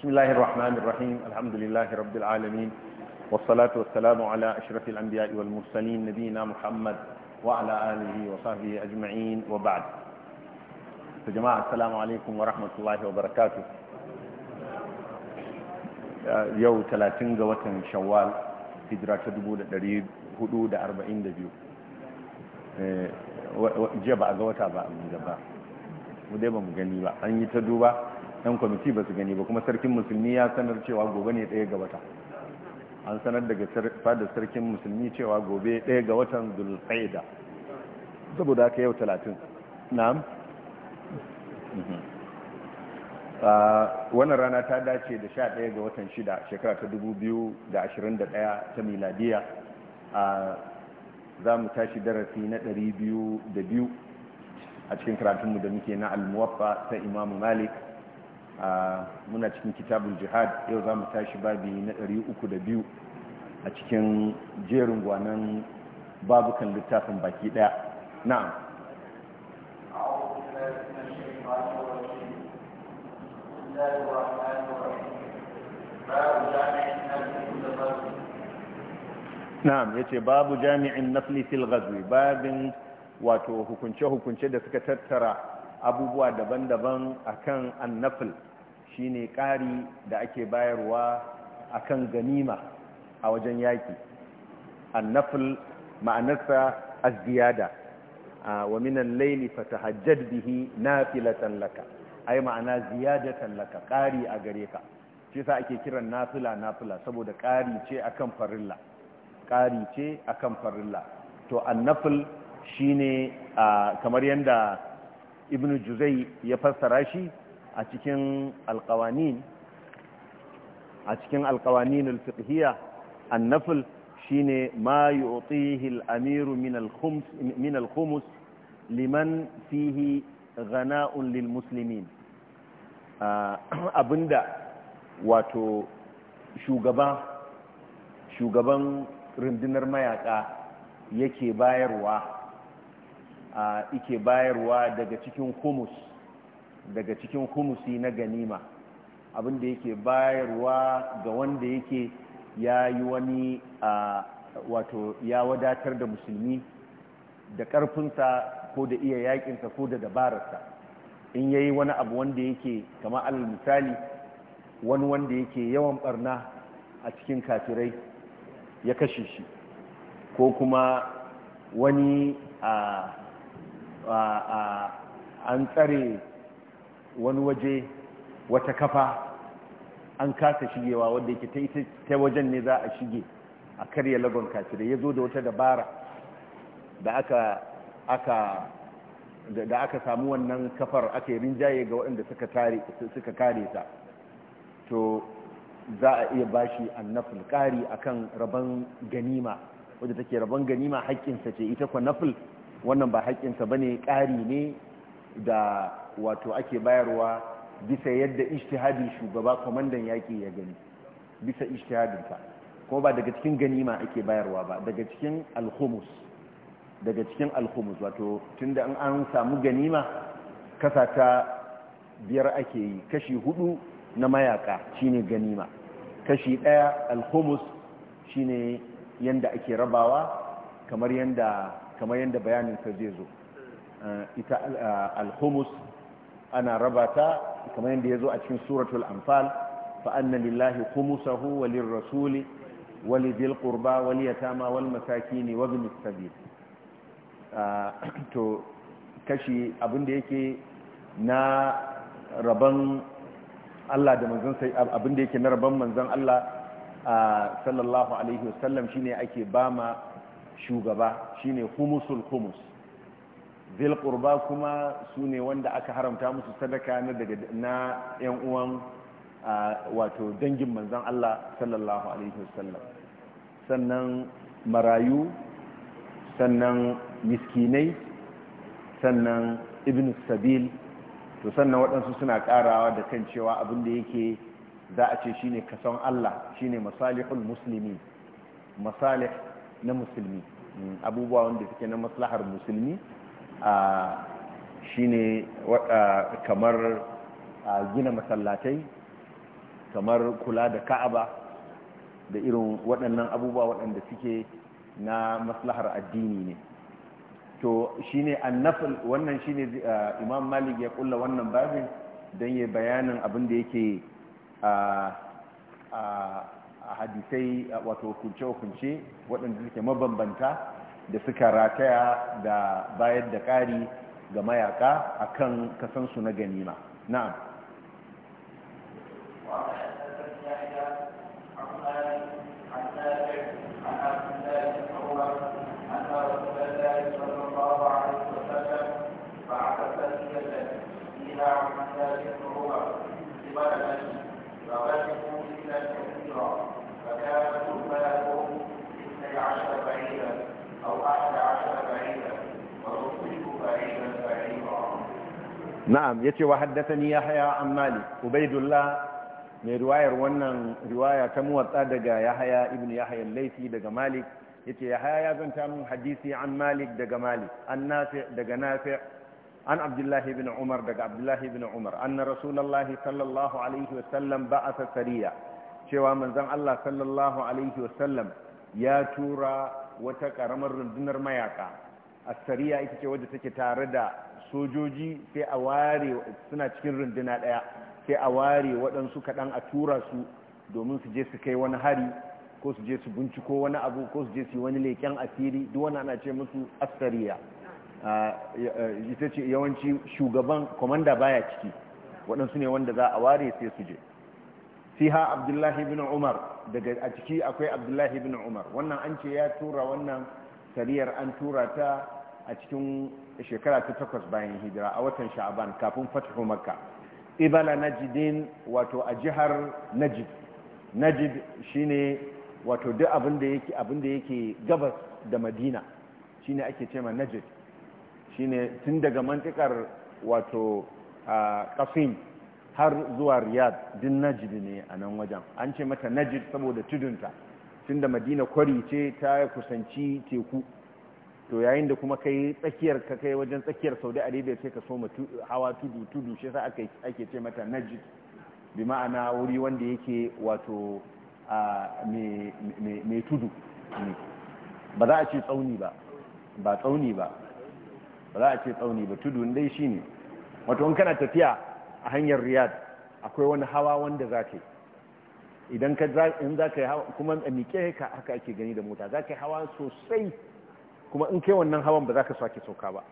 بسم الله الرحمن الرحيم الحمد لله رب العالمين والصلاة والسلام على أشرف الأنبياء والمرسلين نبينا محمد وعلى آله وصحبه أجمعين وبعد فجماعة السلام عليكم ورحمة الله وبركاته يو 30 وتن شوال في دراسة دبولة دريد حدود 40 دبيو إيه، جبع ba a ga wata ba a ba Ɗan kwamiti ba su gani ba kuma sarkin musulmi ya sanar cewa gobe ne ɗaya ga wata an sanar daga fadar sarkin musulmi cewa gobe ɗaya ga watan zulfaida saboda haka yau talatin na'am mhm. ah, wannan rana ta dace da sha ɗaya ga watan shida shekara ta dubu biyu da ashirin da ɗaya ta miladiya ah, za mu tashi darasi na ɗari biyu da biyu a cikin karatunmu da muke na almuwaffa ta imamu malik muna cikin kitabun jihad yau za mu tashi babi na 302 a cikin jerin gwanan babukan littafin baki daya na'am na'am ce babu jami'in nafli fil ghazwi babin wato hukunce-hukunce da suka tattara abubuwa daban-daban a akan annafil shine ƙari da ake bayarwa akan ganima a wajen yaƙi annafil ma'anarsa azziyada wa minan laili fatahajjad bihi nafilatan laka ai ma'ana ziyada tallaka ƙari a gare ka shi sa ake kiran nafila nafila saboda ƙari ce akan farilla ƙari ce akan farilla to annafil shine kamar yadda ibn juzai ya fassara shi a cikin alkawanin a cikin alkawanin shine ma yu'tihi amiru min al-khums liman fihi ghana'un lil muslimin abinda wato shugaba shugaban rundunar mayaka yake bayarwa yake bayarwa daga cikin khums daga cikin humusi na ganima abin da yake bayarwa ga wanda yake ya yi wani wato ya wadatar da musulmi da ƙarfinsa ko da iya yakinsa ko da dabararsa in ya yi wani abu wanda yake kama alal misali wani wanda yake yawan barna a cikin kafirai ya kashe shi ko kuma wani a an tsare wani waje wata kafa an kasa shigewa wanda yake ta ta wajen ne za a shige a karya lagon kafirai ya zo da wata dabara da aka aka samu wannan kafar aka yi rinjaye ga waɗanda suka tare suka kare ta to za a iya bashi annafil kari akan rabon ganima wadda take rabon ganima haƙƙinsa ce ita kwa nafil wannan ba haƙƙinsa bane ƙari ne da wato ake bayarwa bisa yadda ishtihadin shugaba kwamandan yaƙi ya gani bisa ta kuma ba daga cikin ganima ake bayarwa ba daga cikin alhumus daga cikin alhumus wato tunda in an samu ganima kasa ta biyar ake yi kashi hudu na mayaka shine ganima kashi daya alhumus shine yanda ake rabawa kamar yadda kamar bayanin sa zai zo eh, ita eh, alhumus ana raba ta kamar yadda ya zo a cikin suratul anfal fa anna lillahi khumsahu wa lirrasuli wa lidhil qurba wal yatama wal masakin wa ibn sabil ah, to kashi abin da yake na raban Allah da manzon sai abin da yake na raban manzon Allah ah, sallallahu alaihi wasallam shine ake bama shugaba shine khumusul khumus zil ƙurba kuma su ne wanda aka haramta musu sadaka na daga na yan uwan wato dangin manzan Allah sallallahu alaihi wasallam sannan marayu sannan miskinai sannan ibn sabil to sannan waɗansu suna ƙarawa da kan cewa abin da yake za a ce shine kasan Allah shine masalihul musulmi masalih na musulmi mm, abubuwa wanda suke na maslahar musulmi a shine kamar gina masallatai kamar kula da ka'aba da irin waɗannan abubuwa waɗanda suke na maslahar addini ne to shine annafil wannan shine imam malik ya kulla wannan babin don yi bayanin abinda yake a hadisai wato kunce-kunce waɗanda suke mabambanta da suka rataya da bayar da ƙari ga mayaka akan kasansu na ganima na'am na'am yace wa haddathani yahya an malik ubaidullah mai riwayar wannan riwaya ta muwatsa daga yahya ibn yahya al-laythi daga malik yace yahya ya zanta min hadisi an malik daga malik an nafi daga nafi an abdullah ibn umar daga abdullah ibn umar anna rasulullah sallallahu alaihi wa sallam ba'atha sariya cewa manzon Allah sallallahu alaihi wa sallam ya tura wata karamar rundunar mayaka as-sariya ita ce wadda take tare da sojoji sai a ware suna cikin runduna ɗaya sai a ware waɗansu kaɗan a tura su domin su je su kai wani hari ko su je su binciko wani abu ko su je su yi wani leƙen asiri duk wani ana ce musu asariya ita ce yawanci shugaban kwamanda baya ciki waɗansu ne wanda za a ware sai su je fiha abdullahi bin umar daga a ciki akwai abdullahi bin umar wannan an ce ya tura wannan sariyar an tura ta a cikin shekara ta takwas bayan hijira a watan sha'aban kafin fatihu makka ibala najidin wato a jihar najid najid shine wato duk abin da yake abin da yake gabas da madina shine ake cewa najid shine tun daga mantikar wato kafin har zuwa riyad din najid ne a nan wajen an ce mata najid saboda tudunta tun da madina kwari ce ta kusanci teku to yayin da kuma kai tsakiyar ka kai wajen tsakiyar saudi arabia sai ka soma hawa tudu tudu shi sa ake ce mata najid bi ma'ana wuri wanda yake wato me tudu ba za a ce tsauni ba ba tsauni ba ba za a ce tsauni ba tudu dai shi ne wato in kana tafiya a hanyar riyad akwai wani hawa wanda za ka idan ka za ka yi hawa kuma a miƙe haka ake gani da mota za ka yi hawa sosai kuma in kai wannan hawan ba za ka sake sauka ba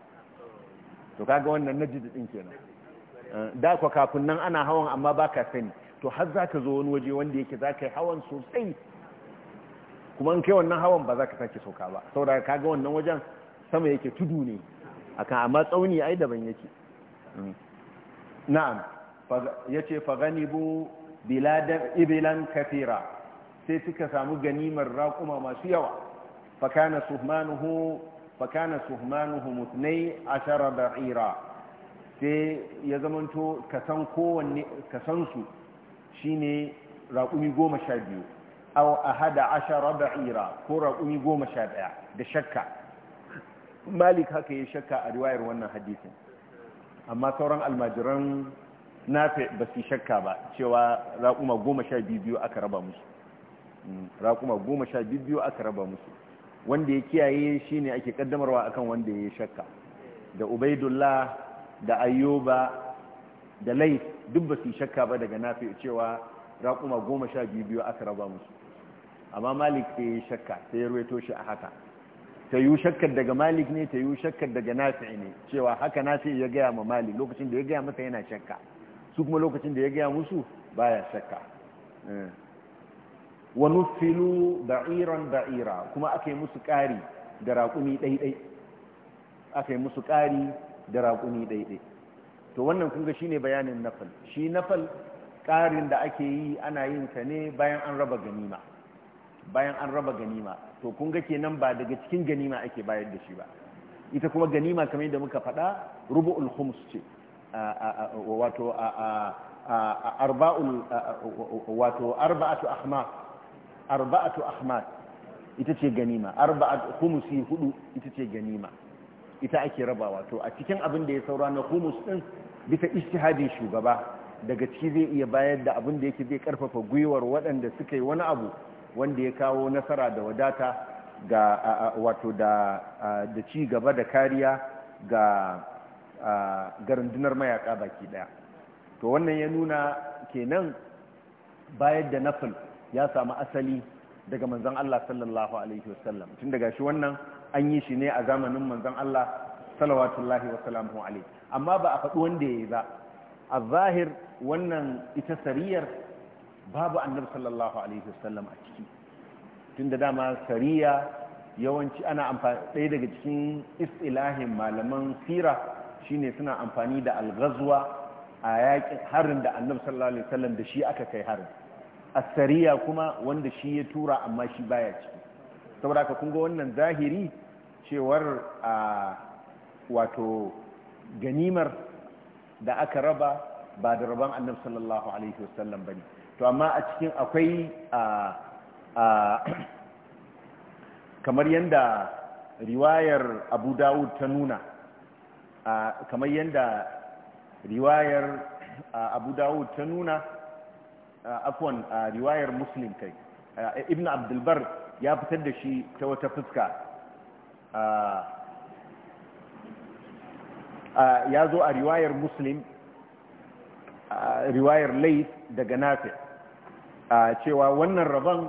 to kaga wannan najid din kenan eh, da kwa kafin nan ana hawan amma ba ka sani to har za ka zo wani waje wanda yake za ka yi hawan sosai kuma in kai wannan hawan ba za ka sake sauka ba saboda kaga wannan wajen sama yake tudu ne akan amma tsauni ai daban yake mm. na'am yace faganibu biladan ibilan kafira sai suka samu ganimar raƙuma masu yawa فكان سهمانه فكان سهمانهم اثني عشر بعيرا sai ya zamanto kasan kowanne kasansu shine raƙumi goma sha biyu aw ahada ashara ba'ira ko raƙumi goma sha ɗaya da shakka malik haka ya shakka a riwayar wannan hadisin amma sauran almajiran nafi ba su shakka ba cewa raƙuma goma sha biyu aka raba musu raƙuma goma sha biyu aka raba musu wanda ya kiyaye shi ne ake kaddamarwa akan wanda ya shakka da ubaidullah da ayyuba da lai duk ba su shakka ba daga nafi cewa raƙuma goma sha biyu biyu aka raba musu amma malik ta yi shakka ta yi ruwaito shi a haka ta yi shakkar daga malik ne ta yi shakkar daga nafi ne cewa haka nafi ya gaya ma malik lokacin da ya gaya masa yana shakka su kuma lokacin da ya gaya musu baya shakka eh. wa nufilu da'iran da'ira kuma aka musu ƙari da raƙumi ɗaiɗai aka musu ƙari da raƙumi ɗaiɗai to wannan kunga shine bayanin nafal shi nafal ƙarin da ake yi ana yin ne bayan an raba ganima bayan an raba ganima to kunga kenan ba daga cikin ganima ake bayar da shi ba ita kuma ganima kamar yadda muka faɗa rubu'ul khums ce wato arba'ul wato arba'atu ahmas arba'atu ahmad ita ce ganima arba'at khumusi hudu ita ce ganima ita ake rabawa to a cikin abin da ya saura na humus din bisa ijtihadin shugaba daga ciki zai iya bayar da abin da yake zai karfafa gwiwar waɗanda suka yi wani abu wanda ya kawo nasara da wadata ga wato da da ci gaba da kariya ga ga rundunar mayaka baki daya to wannan ya nuna kenan bayar da nafil ya samu asali daga manzan Allah sallallahu alaihi wasallam tun daga shi wannan an yi shi ne a zamanin manzan Allah salawatullahi wa salamuhu alaihi amma ba a faɗi wanda ya yi ba a zahir wannan ita sariyar babu annabi sallallahu alaihi wasallam a ciki tun da dama sariya yawanci ana amfani ɗaya daga cikin istilahin malaman fira shine suna amfani da algazwa a yakin harin da annabi sallallahu alaihi wasallam da shi aka kai harin asariya kuma wanda shi ya tura amma shi baya ciki saboda ka kunga wannan zahiri cewar a wato ganimar da aka raba ba da rabon annab sallallahu alaihi wasallam ba to amma a cikin akwai kamar yadda riwayar abu dawud ta nuna kamar yadda riwayar abu dawud ta nuna afwan riwayar muslim kai ibn abdulbar ya fitar da shi ta wata fuska ya zo a riwayar muslim riwayar laif daga nafi cewa wannan rabon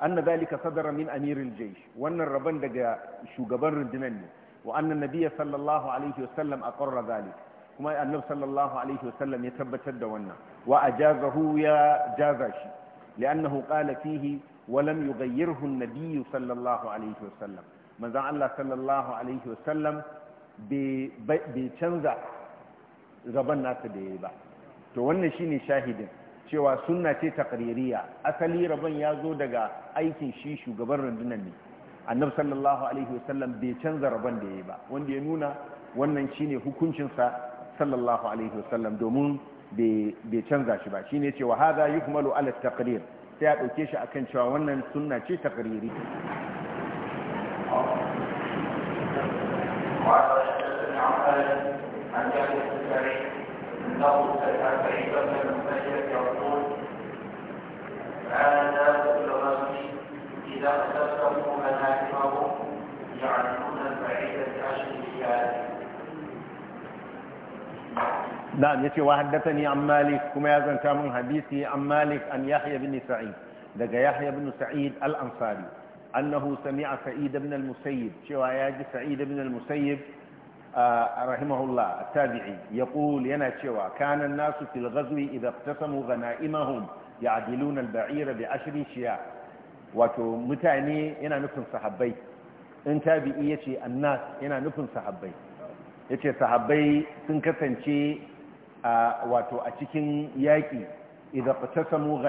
anna zalika sadara min amiril jaysh wannan rabon daga shugaban rundunar ne wa annan nabiyya sallallahu alaihi wasallam aqarra zalik kuma annab sallallahu alaihi wasallam ya tabbatar da wannan وأجازه يا جازاشي لأنه قال فيه ولم يغيره النبي صلى الله عليه وسلم ماذا الله صلى الله عليه وسلم بيتنزع gaban nasa da ya yi ba to wannan shine shahidin cewa sunna ce taqririya asali rabon ya zo daga aikin shi shugaban rundunar ne annabi sallallahu alaihi wasallam bai canza rabon da ya yi ba wanda ya nuna wannan shine hukuncinsa sallallahu alaihi wasallam domin bai canza shi ba shine cewa hada yuhmalu ala taqrir sai ya dauke shi akan cewa wannan sunna ce taqriri Thank you. نعم يتي وحدثني عن مالك كما يزن كامن حديثي عن مالك أن يحيى بن سعيد لقى يحيى بن سعيد الأنصاري أنه سمع سعيد بن المسيب شوى ياجي سعيد بن المسيب آه، رحمه الله التابعي يقول ينا شوى كان الناس في الغزو إذا اقتسموا غنائمهم يعدلون البعير بعشر شياء wato mutane ينا nufin sahabbai in tabi'i الناس ينا annas yana nufin sahabbai ya ce wato a cikin yaƙi idan qatasamu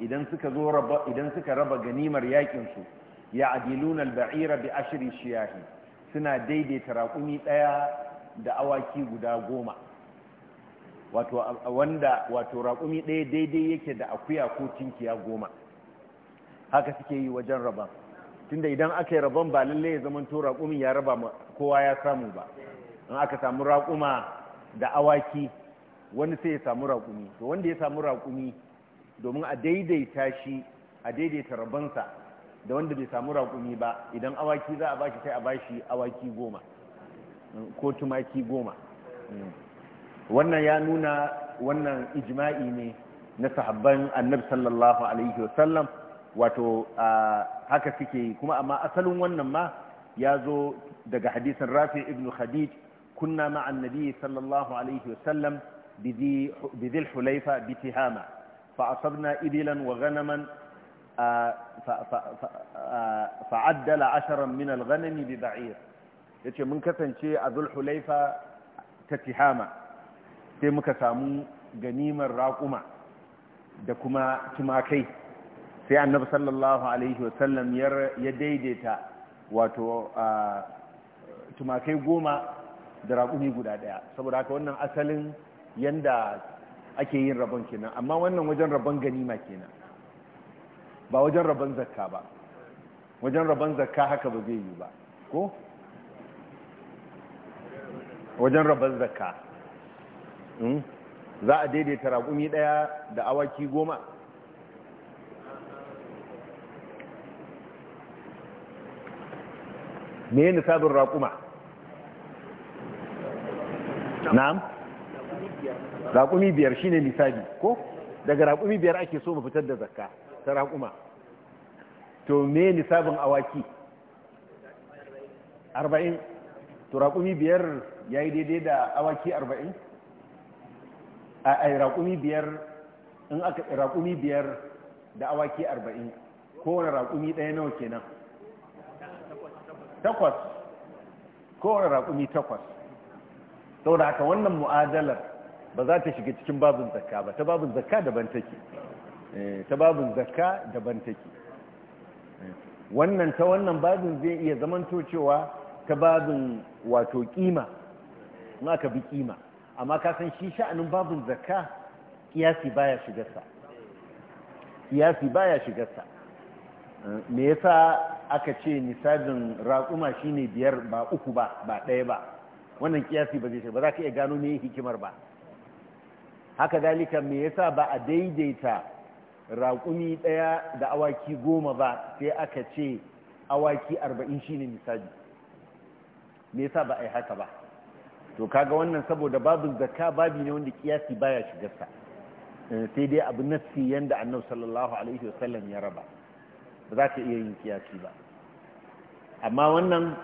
idan suka zo idan suka raba ganimar yaƙinsu su ya adiluna al-ba'ira bi ashri shiyahi suna daidaita raƙumi ɗaya da awaki guda goma wato wanda wato raƙumi ɗaya daidai yake da akuya ko tinkiya goma haka suke yi wajen rabon tunda idan aka yi rabon ba lallai ya zama to raƙumi ya raba kowa ya samu ba in aka samu raƙuma da awaki wani sai ya samu raƙumi to wanda ya samu raƙumi domin a daidaita shi a daidaita rabonsa da wanda bai samu raƙumi ba idan awaki za a shi sai a bashi awaki goma ko tumaki goma wannan ya nuna wannan ijma'i ne na sahabban annabi sallallahu alaihi wasallam wato haka suke yi kuma amma asalin wannan ma ya zo daga hadisin rafi ibn khadij kunna ma'an nabi sallallahu alaihi wasallam بذي, بذي الحليفة بتهامة فأصبنا إبلا وغنما فعدل عشرا من الغنم ببعير yace mun kasance a zulhulaifa ta tihama sai muka samu ganimar raƙuma da kuma tumakai sai annabi sallallahu alaihi wasallam ya daidaita wato tumakai goma da raƙumi guda ɗaya saboda haka wannan asalin yanda ake yin rabon kenan amma wannan wajen rabon ganima kenan ba wajen rabon zakka ba wajen rabon zakka haka ba zai yi ba ko wajen rabon zakka hmm? za a daidaita raƙumi ɗaya da awaki goma me nisabin raƙuma na'am raƙumi biyar shi ne misali ko daga raƙumi biyar ake so mu fitar da zakka ta raƙuma to me nisabin awaki arba'in to raƙumi biyar ya yi daidai da awaki arba'in a raƙumi biyar in aka raƙumi biyar da awaki arba'in kowane raƙumi ɗaya nawa kenan takwas kowane raƙumi takwas sau da haka wannan mu'adalar ba za ta shiga cikin babin zakka ba ta babin zakka daban take eh, ta babin zakka daban take eh, wannan ta wannan babin zai iya zamanto cewa ta babin wato kima ma ka bi kima amma ka san shi sha'anin babin zakka kiyasi baya shigarsa kiyasi baya shigarsa eh, me yasa aka ce nisabin raƙuma shine biyar ba uku ba ba ɗaya ba wannan kiyasi ba zai shiga ba za ka iya gano me hikimar ba haka dalika me yasa ba a daidaita raƙumi ɗaya da awaki goma ba sai aka ce awaki arba'in shine misali me yasa ba a yi haka ba to kaga wannan saboda babu zakka babi ne wanda kiyasi baya shigarsa eh, sai dai abu nafsi yanda annabi sallallahu alaihi wasallam ya raba ba za ka iya yin kiyasi ba amma wannan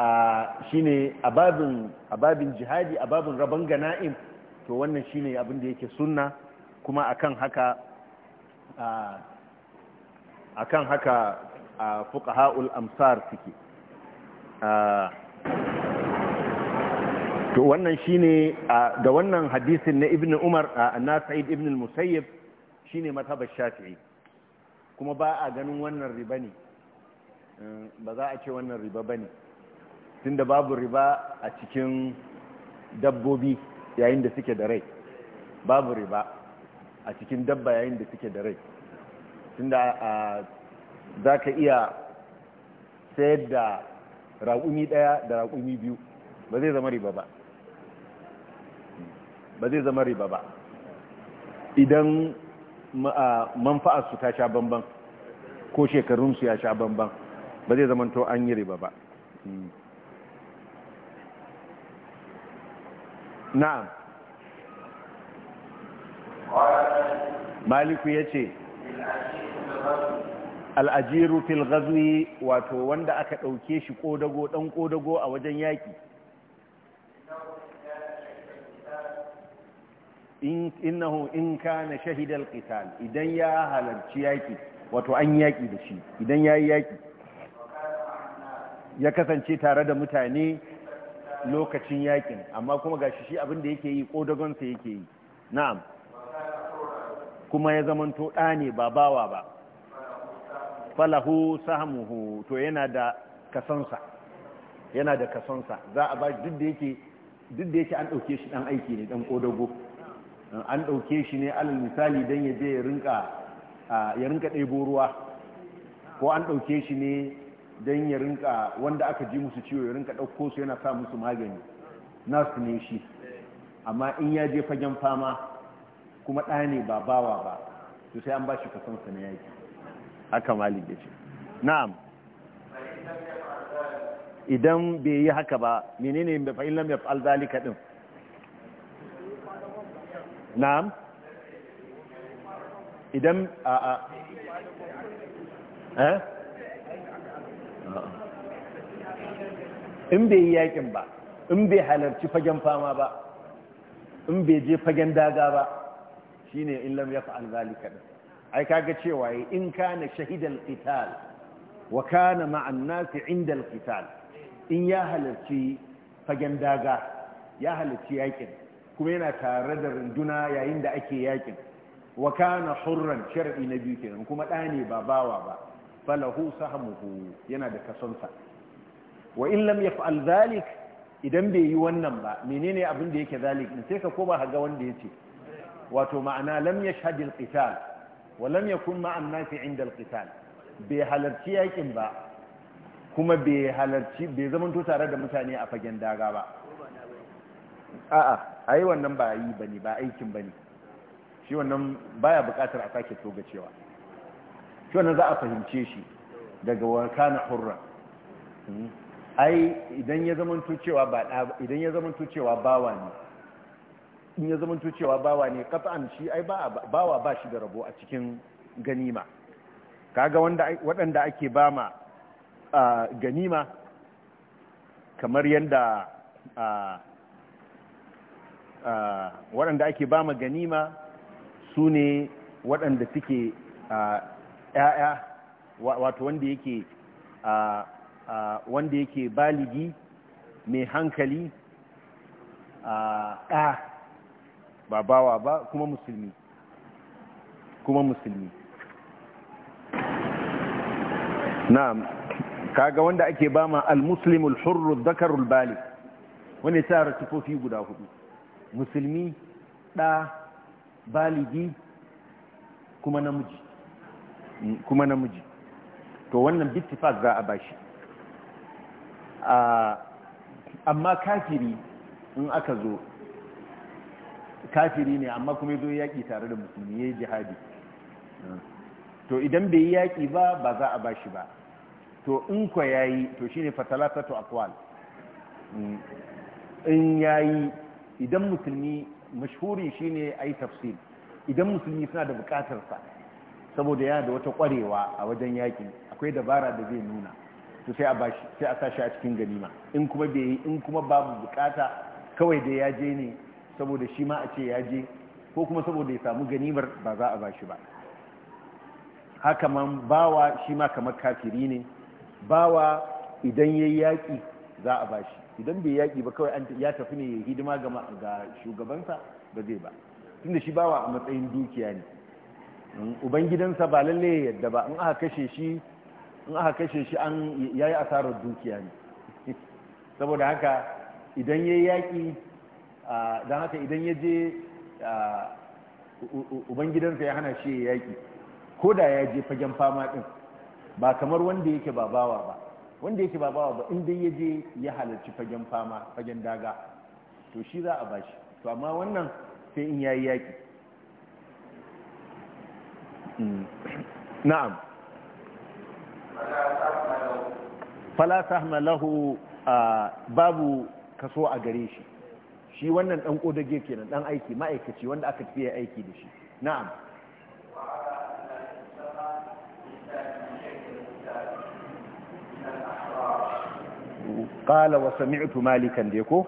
ah, shine a babin jihadi a babin rabon gana'im to wannan shine abin da yake sunna kuma akan haka akan haka fuqaha'ul amsar suke to wannan shine da wannan hadisin na Ibn umar na sa'id ibn al-musayyib shine mazhabar shafi'i kuma ba a ganin wannan riba ne ba za a ce wannan riba bane tunda babu riba a cikin dabbobi yayin da suke da rai babu riba a cikin dabba yayin da suke da rai tunda za ka iya sayar da raƙumi ɗaya da raƙumi biyu ba zai zama riba ba ba zai zama riba ba idan manfa'arsu ta sha bamban ko shekarunsu ya sha bamban ba zai zama to an yi riba ba hmm. na'am maliku ya ce al'ajiru fil gazwi wato wanda aka ɗauke shi ƙodago ɗan ƙodago a wajen yaƙi innahu in kana shahidar qital idan ya halarci yaƙi wato an yaƙi da shi idan ya yi yaƙi ya kasance tare da mutane lokacin yakin amma kuma gashi shi abin da yake yi kodagonsa yake yi na'am kuma ya zamanto ɗa ne ba bawa ba falahu sahamuhu to yana da kasansa yana da kasansa za a ba duk da yake duk da yake an ɗauke shi ɗan aiki ne ɗan kodago an ɗauke shi ne alal misali don ya je ya rinka ɗebo ruwa ko an ɗauke shi ne don ya rinka wanda aka ji musu ciwo ya rinka ɗauko su yana sa musu magani su ne shi amma in ya je fagen fama kuma ɗa ne ba bawa ba to sai an ba shi kasansa na yaki haka malik ya ce na'am idan bai yi haka ba menene da fa'in lam yaf'al zalika din na'am idan a a eh in bai yi yakin ba in bai halarci fagen fama ba in bai je fagen daga ba shine in lam yaf'al zalika ai kaga cewa in kana shahidal qital wa kana ma'an nas 'inda in ya halarci fagen daga ya halarci yakin kuma yana tare da runduna yayin da ake yakin wa kana hurran shar'i na biyu kenan kuma ɗane ba bawa ba falahu sahamuhu yana da kasonsa wa in lam yaf'al idan bai yi wannan ba menene abin da yake zalik in sai ka koma ga wanda yace wato ma'ana lam yashhad al-qital wa lam yakun ma'a an 'inda al-qital bai halarci yakin ba kuma bai halarci bai zaman to tare da mutane a fagen daga ba a'a ai wannan ba yi bane ba aikin bane shi wannan baya bukatar a sake toga cewa to nan za a fahimce shi daga wakana hurra hmm? ai idan ya zamanto cewa ba idan ya zamanto cewa bawa ne in ya zamanto cewa bawa ne qat'an shi ai ba bawa ba shi da rabo a cikin ganima kaga wanda waɗanda ake ba ma ganima kamar yanda waɗanda ake ba ma ganima su ne waɗanda suke 'ya'ya wato wanda yake wanda yake baligi mai hankali ɗa ba bawa ba kuma musulmi kuma musulmi na kaga wanda ake ba ma al hurru zakarul bali wani tsara tufofi guda hudu musulmi ɗa baligi kuma namiji kuma namiji to wannan bittifak za a bashi amma kafiri in aka zo kafiri ne amma kuma zo yaƙi tare da musulmi ya jihadi to idan bai yi yaƙi ba ba za a bashi ba to in kwa ya yi to shine fatalata to akwal in ya yi idan musulmi mashhuri shine a yi tafsir idan musulmi suna da bukatarsa saboda yana da wata kwarewa a wajen yakin akwai dabara da zai nuna to sai a bashi sai a sashi a cikin ganima in kuma bai yi in kuma babu bukata kawai da ya je ne saboda shi ma a ce ya je ko kuma saboda ya samu ganimar ba za a bashi ba haka man bawa shi ma kamar kafiri ne bawa idan ya yi yaƙi za a bashi idan bai yaƙi ba kawai ya tafi ne ya hidima ga shugabansa ba zai ba tunda shi bawa a matsayin dukiya ne ubangidansa ba lalle ya yadda ba in aka kashe shi in aka kashe shi an yayi asarar dukiya ne saboda haka idan yayi yaki dan haka idan ya je ubangidansa ya hana shi yaki ko da ya je fagen fama din ba kamar wanda yake babawa ba wanda yake babawa ba in dai ya je ya halarci fagen fama fagen daga to shi za a bashi to amma wannan sai in yayi yaki Mm. na'am fala sahma lahu uh, babu kaso a gare shi shi wannan dan kodage kenan dan aiki ma'aikaci wanda aka tafiya aiki da shi na'am qala wa sami'tu malikan de ko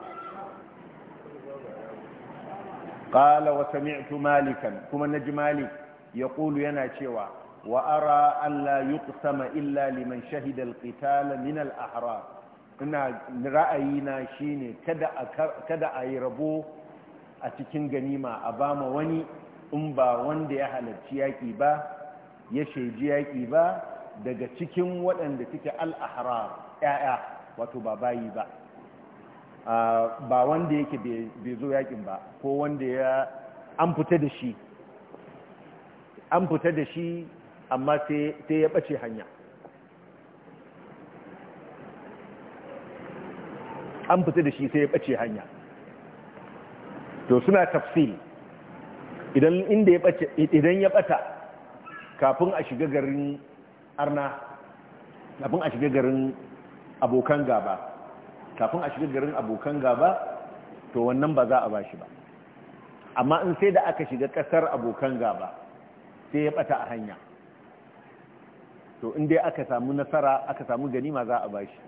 qala wa sami'tu malikan kuma naji malik Ya ƙulu yana cewa wa ara alla yuqsama illa liman shahida alqital min al-ahrar ina ra'ayina shine kada kada a yi rabo a cikin ganima a bama wani in ba wanda ya halarci yaki ba ya shaiji yaki ba daga cikin waɗanda suke al-ahrar ya'ya wato ba bayi ba ba wanda yake bai zo yakin ba ko wanda ya an fita da shi an fita da shi amma sai ya ɓace hanya an fita da shi sai ya ɓace hanya to suna tafsil idan inda ya ɓace idan ya ɓata kafin a shiga garin arna kafin a shiga garin abokan gaba kafin a shiga garin abokan gaba to wannan ba za a ba shi ba amma in sai da aka shiga ƙasar abokan gaba sai ya bata a hanya to in dai aka samu nasara aka samu ganima za a bashi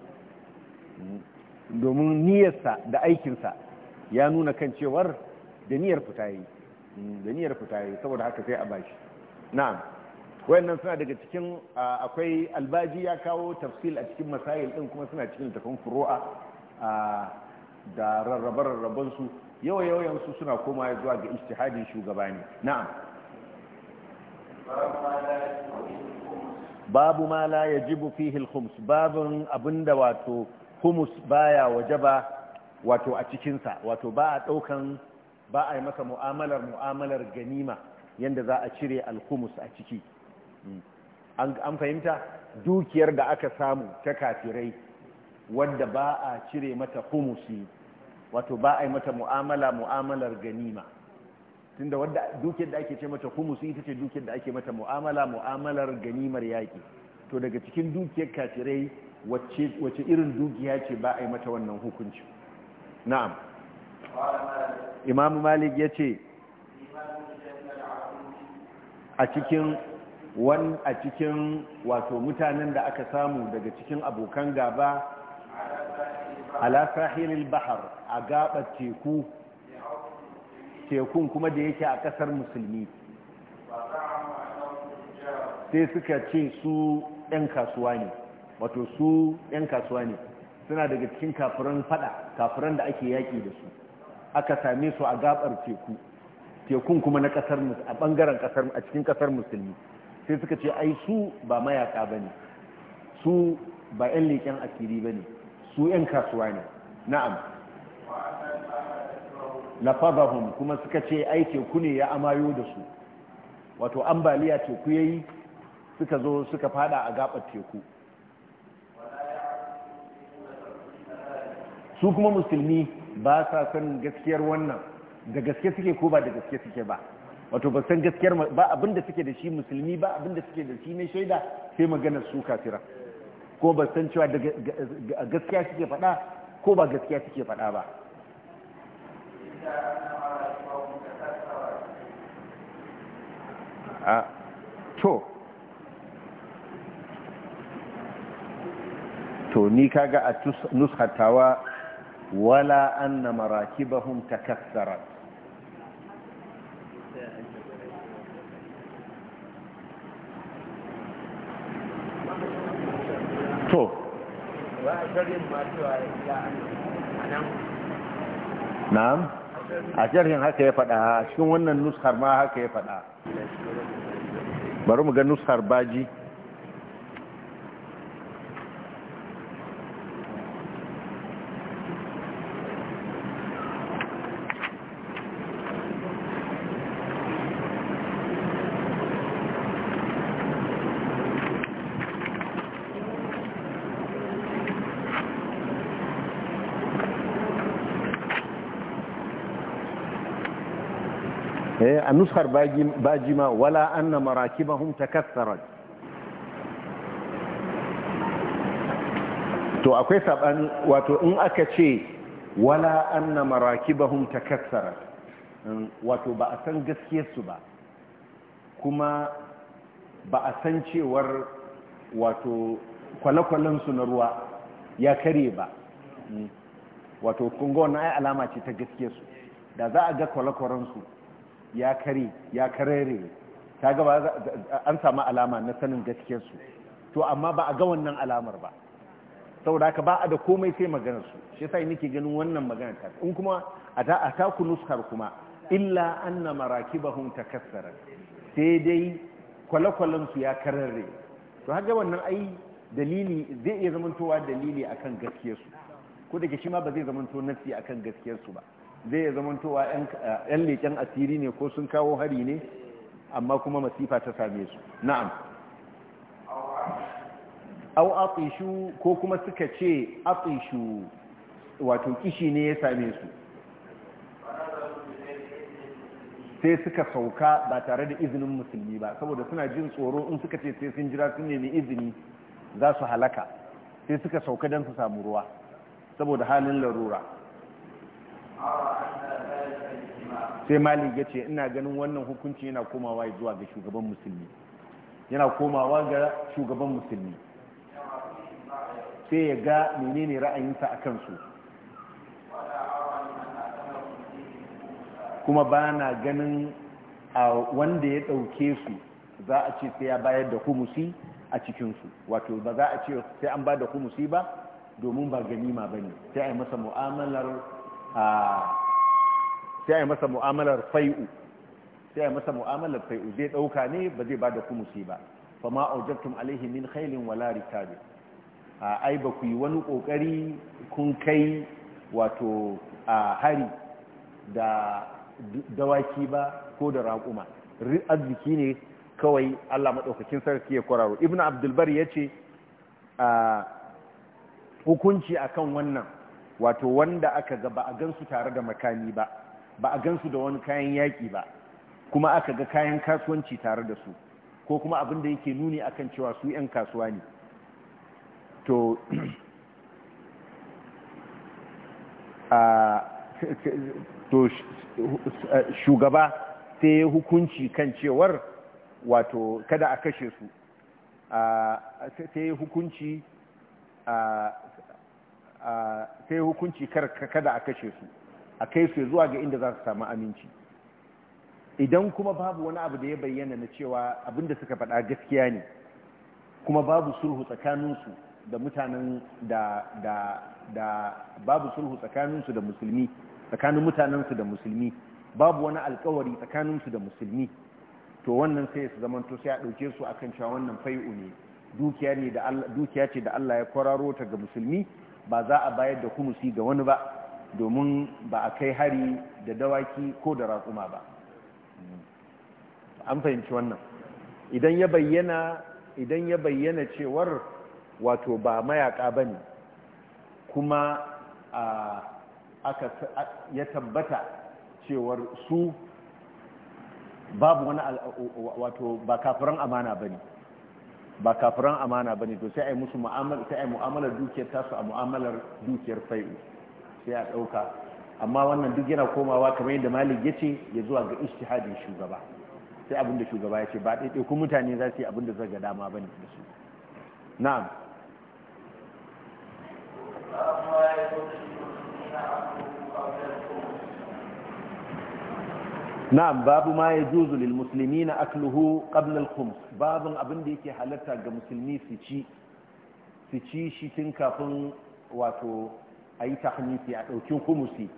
domin niyyarsa da aikinsa ya nuna kan cewar da niyyar fita da niyyar fita saboda haka sai a bashi na'am wayannan suna daga cikin akwai albaji ya kawo tafsil a cikin masail din kuma suna cikin tafin furu'a da rarrabe-rarrabensu yawa-yawayensu suna koma zuwa ga ijtihadin shugabani ne na'am babu ma la yajibu fihi humus khums babun abinda wato khums baya wajaba wato a cikinsa wato ba a daukan ba a yi maka mu'amalar mu'amalar ganima yadda za a cire alhumus a ciki hmm. an fahimta dukiyar da aka samu ta kafirai wadda ba a cire mata khumusi wato ba a yi mata mu'amala mu'amalar ganima tunda wadda dukiyar da ake ce mata humusu ita ce dukiyar da ake mata mu'amala mu'amalar ganimar yaƙi to daga cikin dukiyar kafirai wacce irin dukiya ce ba a yi mata wannan hukunci na'am imam malik ya ce a cikin wan a cikin wato mutanen da aka samu daga cikin abokan gaba ala sahilil bahar a gaɓa teku tekun kuma da yake a ƙasar musulmi sai suka ce su 'yan kasuwa ne wato su 'yan kasuwa ne suna daga cikin kafiran fada kafiran da ake yaƙi da su aka same su a gabar teku tekun kuma na kasar a bangaren kasar a cikin kasar musulmi sai suka ce ai su ba mayaka ba ne su ba 'yan leƙen asiri ba ne su 'yan kasuwa ne na'am fadahun kuma suka ce ai teku ne ya amayo da su wato ambaliya teku yayi suka zo suka fada a gabar teku su kuma musulmi ba sa san gaskiyar wannan da gaske suke ko ba da gaske suke ba wato ba san gaskiyar ba abinda suke da shi musulmi ba abinda suke da shi ne shaida sai maganar su kafira ko ba san cewa gaskiya suke faɗa ko ba gaskiya suke faɗa ba a to to ni kaga a nushatawa wala anna marakibahum takassarat to na'am a sharhin haka ya faɗa cikin wannan nuskar ma haka ya faɗa bari mu ga nuskar baji Eh, a nuskar bajima wala anna marakibahum takassarat to akwai saɓani wato in aka ce wala anna marakibahum takassarat wato ba a san su ba kuma ba a san cewar wato kwale su na ruwa ya kare ba hmm. wato kungon na ai alama ce ta su da za a ga kwale su. ya kare ya karere ta gaba an samu alama na sanin gaskiyarsu to amma ba a ga wannan alamar ba saboda ka ba a da komai sai magana su shi yasa nake ganin wannan magana ta in kuma a ta a ku nuskar kuma illa anna marakibahum takassara sai dai kwale su ya kararre to haka wannan ai dalili zai iya zamantowa dalili akan gaskiyar su ko da ke shi ma ba zai zamanto nasi akan gaskiyar su ba zai ya zama towa 'yan leken asiri ne ko sun kawo hari ne amma kuma masifa ta same su na'am au atishu ko kuma suka ce atishu wato kishi ne ya same su sai suka sauka ba tare da izinin musulmi ba saboda suna jin tsoro in suka ce sai sun jira sun nemi izini za su halaka sai suka sauka don su samu ruwa saboda halin larura sai malik ya ce ina ganin wannan hukunci yana komawa zuwa ga shugaban musulmi yana komawa ga shugaban musulmi sai ya ga menene ra'ayinsa a kansu kuma ba na ganin a wanda ya ɗauke su za a ce sai ya bayar da kumusi a cikinsu wato ba za a ce sai an ba da kumusi ba domin ba ganima ba ne sai a yi masa mu'amalar sai a yi masa mu'amalar fai'u sai a yi masa mu'amalar fai'u zai ɗauka ne ba zai ba da kumusi ba fa ma aujabtum alaihi min khailin wala rikabi ai ba ku yi wani kokari kun kai wato a hari da dawaki ba ko da raƙuma arziki ne kawai Allah madaukakin sarki ya kwararo ibn abdulbar yace a hukunci akan wannan wato wanda aka ga ba a gansu tare da makami ba ba a gansu da wani kayan yaƙi ba kuma aka ga kayan kasuwanci tare da su ko kuma abin da yake nuni kan cewa su 'yan kasuwa ne to shugaba sai ya hukunci kan cewar wato kada a kashe su sai ya hukunci sai hukunci kar kada a kashe su a kai su zuwa ga inda za su samu aminci idan kuma babu wani abu da ya bayyana na cewa abinda suka faɗa gaskiya ne kuma babu sulhu tsakaninsu da mutanen da da da babu sulhu tsakaninsu da musulmi tsakanin mutanensu da musulmi babu wani alkawari tsakaninsu da musulmi to wannan sai su zaman to sai a ɗauke su akan cewa wannan fai'u ne dukiya dukiya ce da Allah ya kwararo ta ga musulmi ba za a bayar da kumusi ga wani ba domin ba a kai hari da dawaki ko da raƙuma ba an fahimci wannan idan ya bayyana idan ya bayyana cewar wato ba mayaka ba ne kuma aka ya tabbata cewar su babu wani wato ba kafiran amana ba ne ba kafiran amana ba ne to sai ai musu mu'amala sai ai mu'amalar dukiyar tasu a mu'amalar dukiyar fai'u sai a dauka amma wannan duk yana komawa kamar yadda malik yace ya zuwa ga ijtihadin shugaba sai abin da shugaba ya ce ba daidai ku mutane za su yi abin da zai ga dama bane da su na'am na'am babu ma ya lil musulmi na akluhu ƙabnal khums babin abin da yake halatta ga musulmi su ci su ci shi tun kafin wato a yi a ɗaukin humusi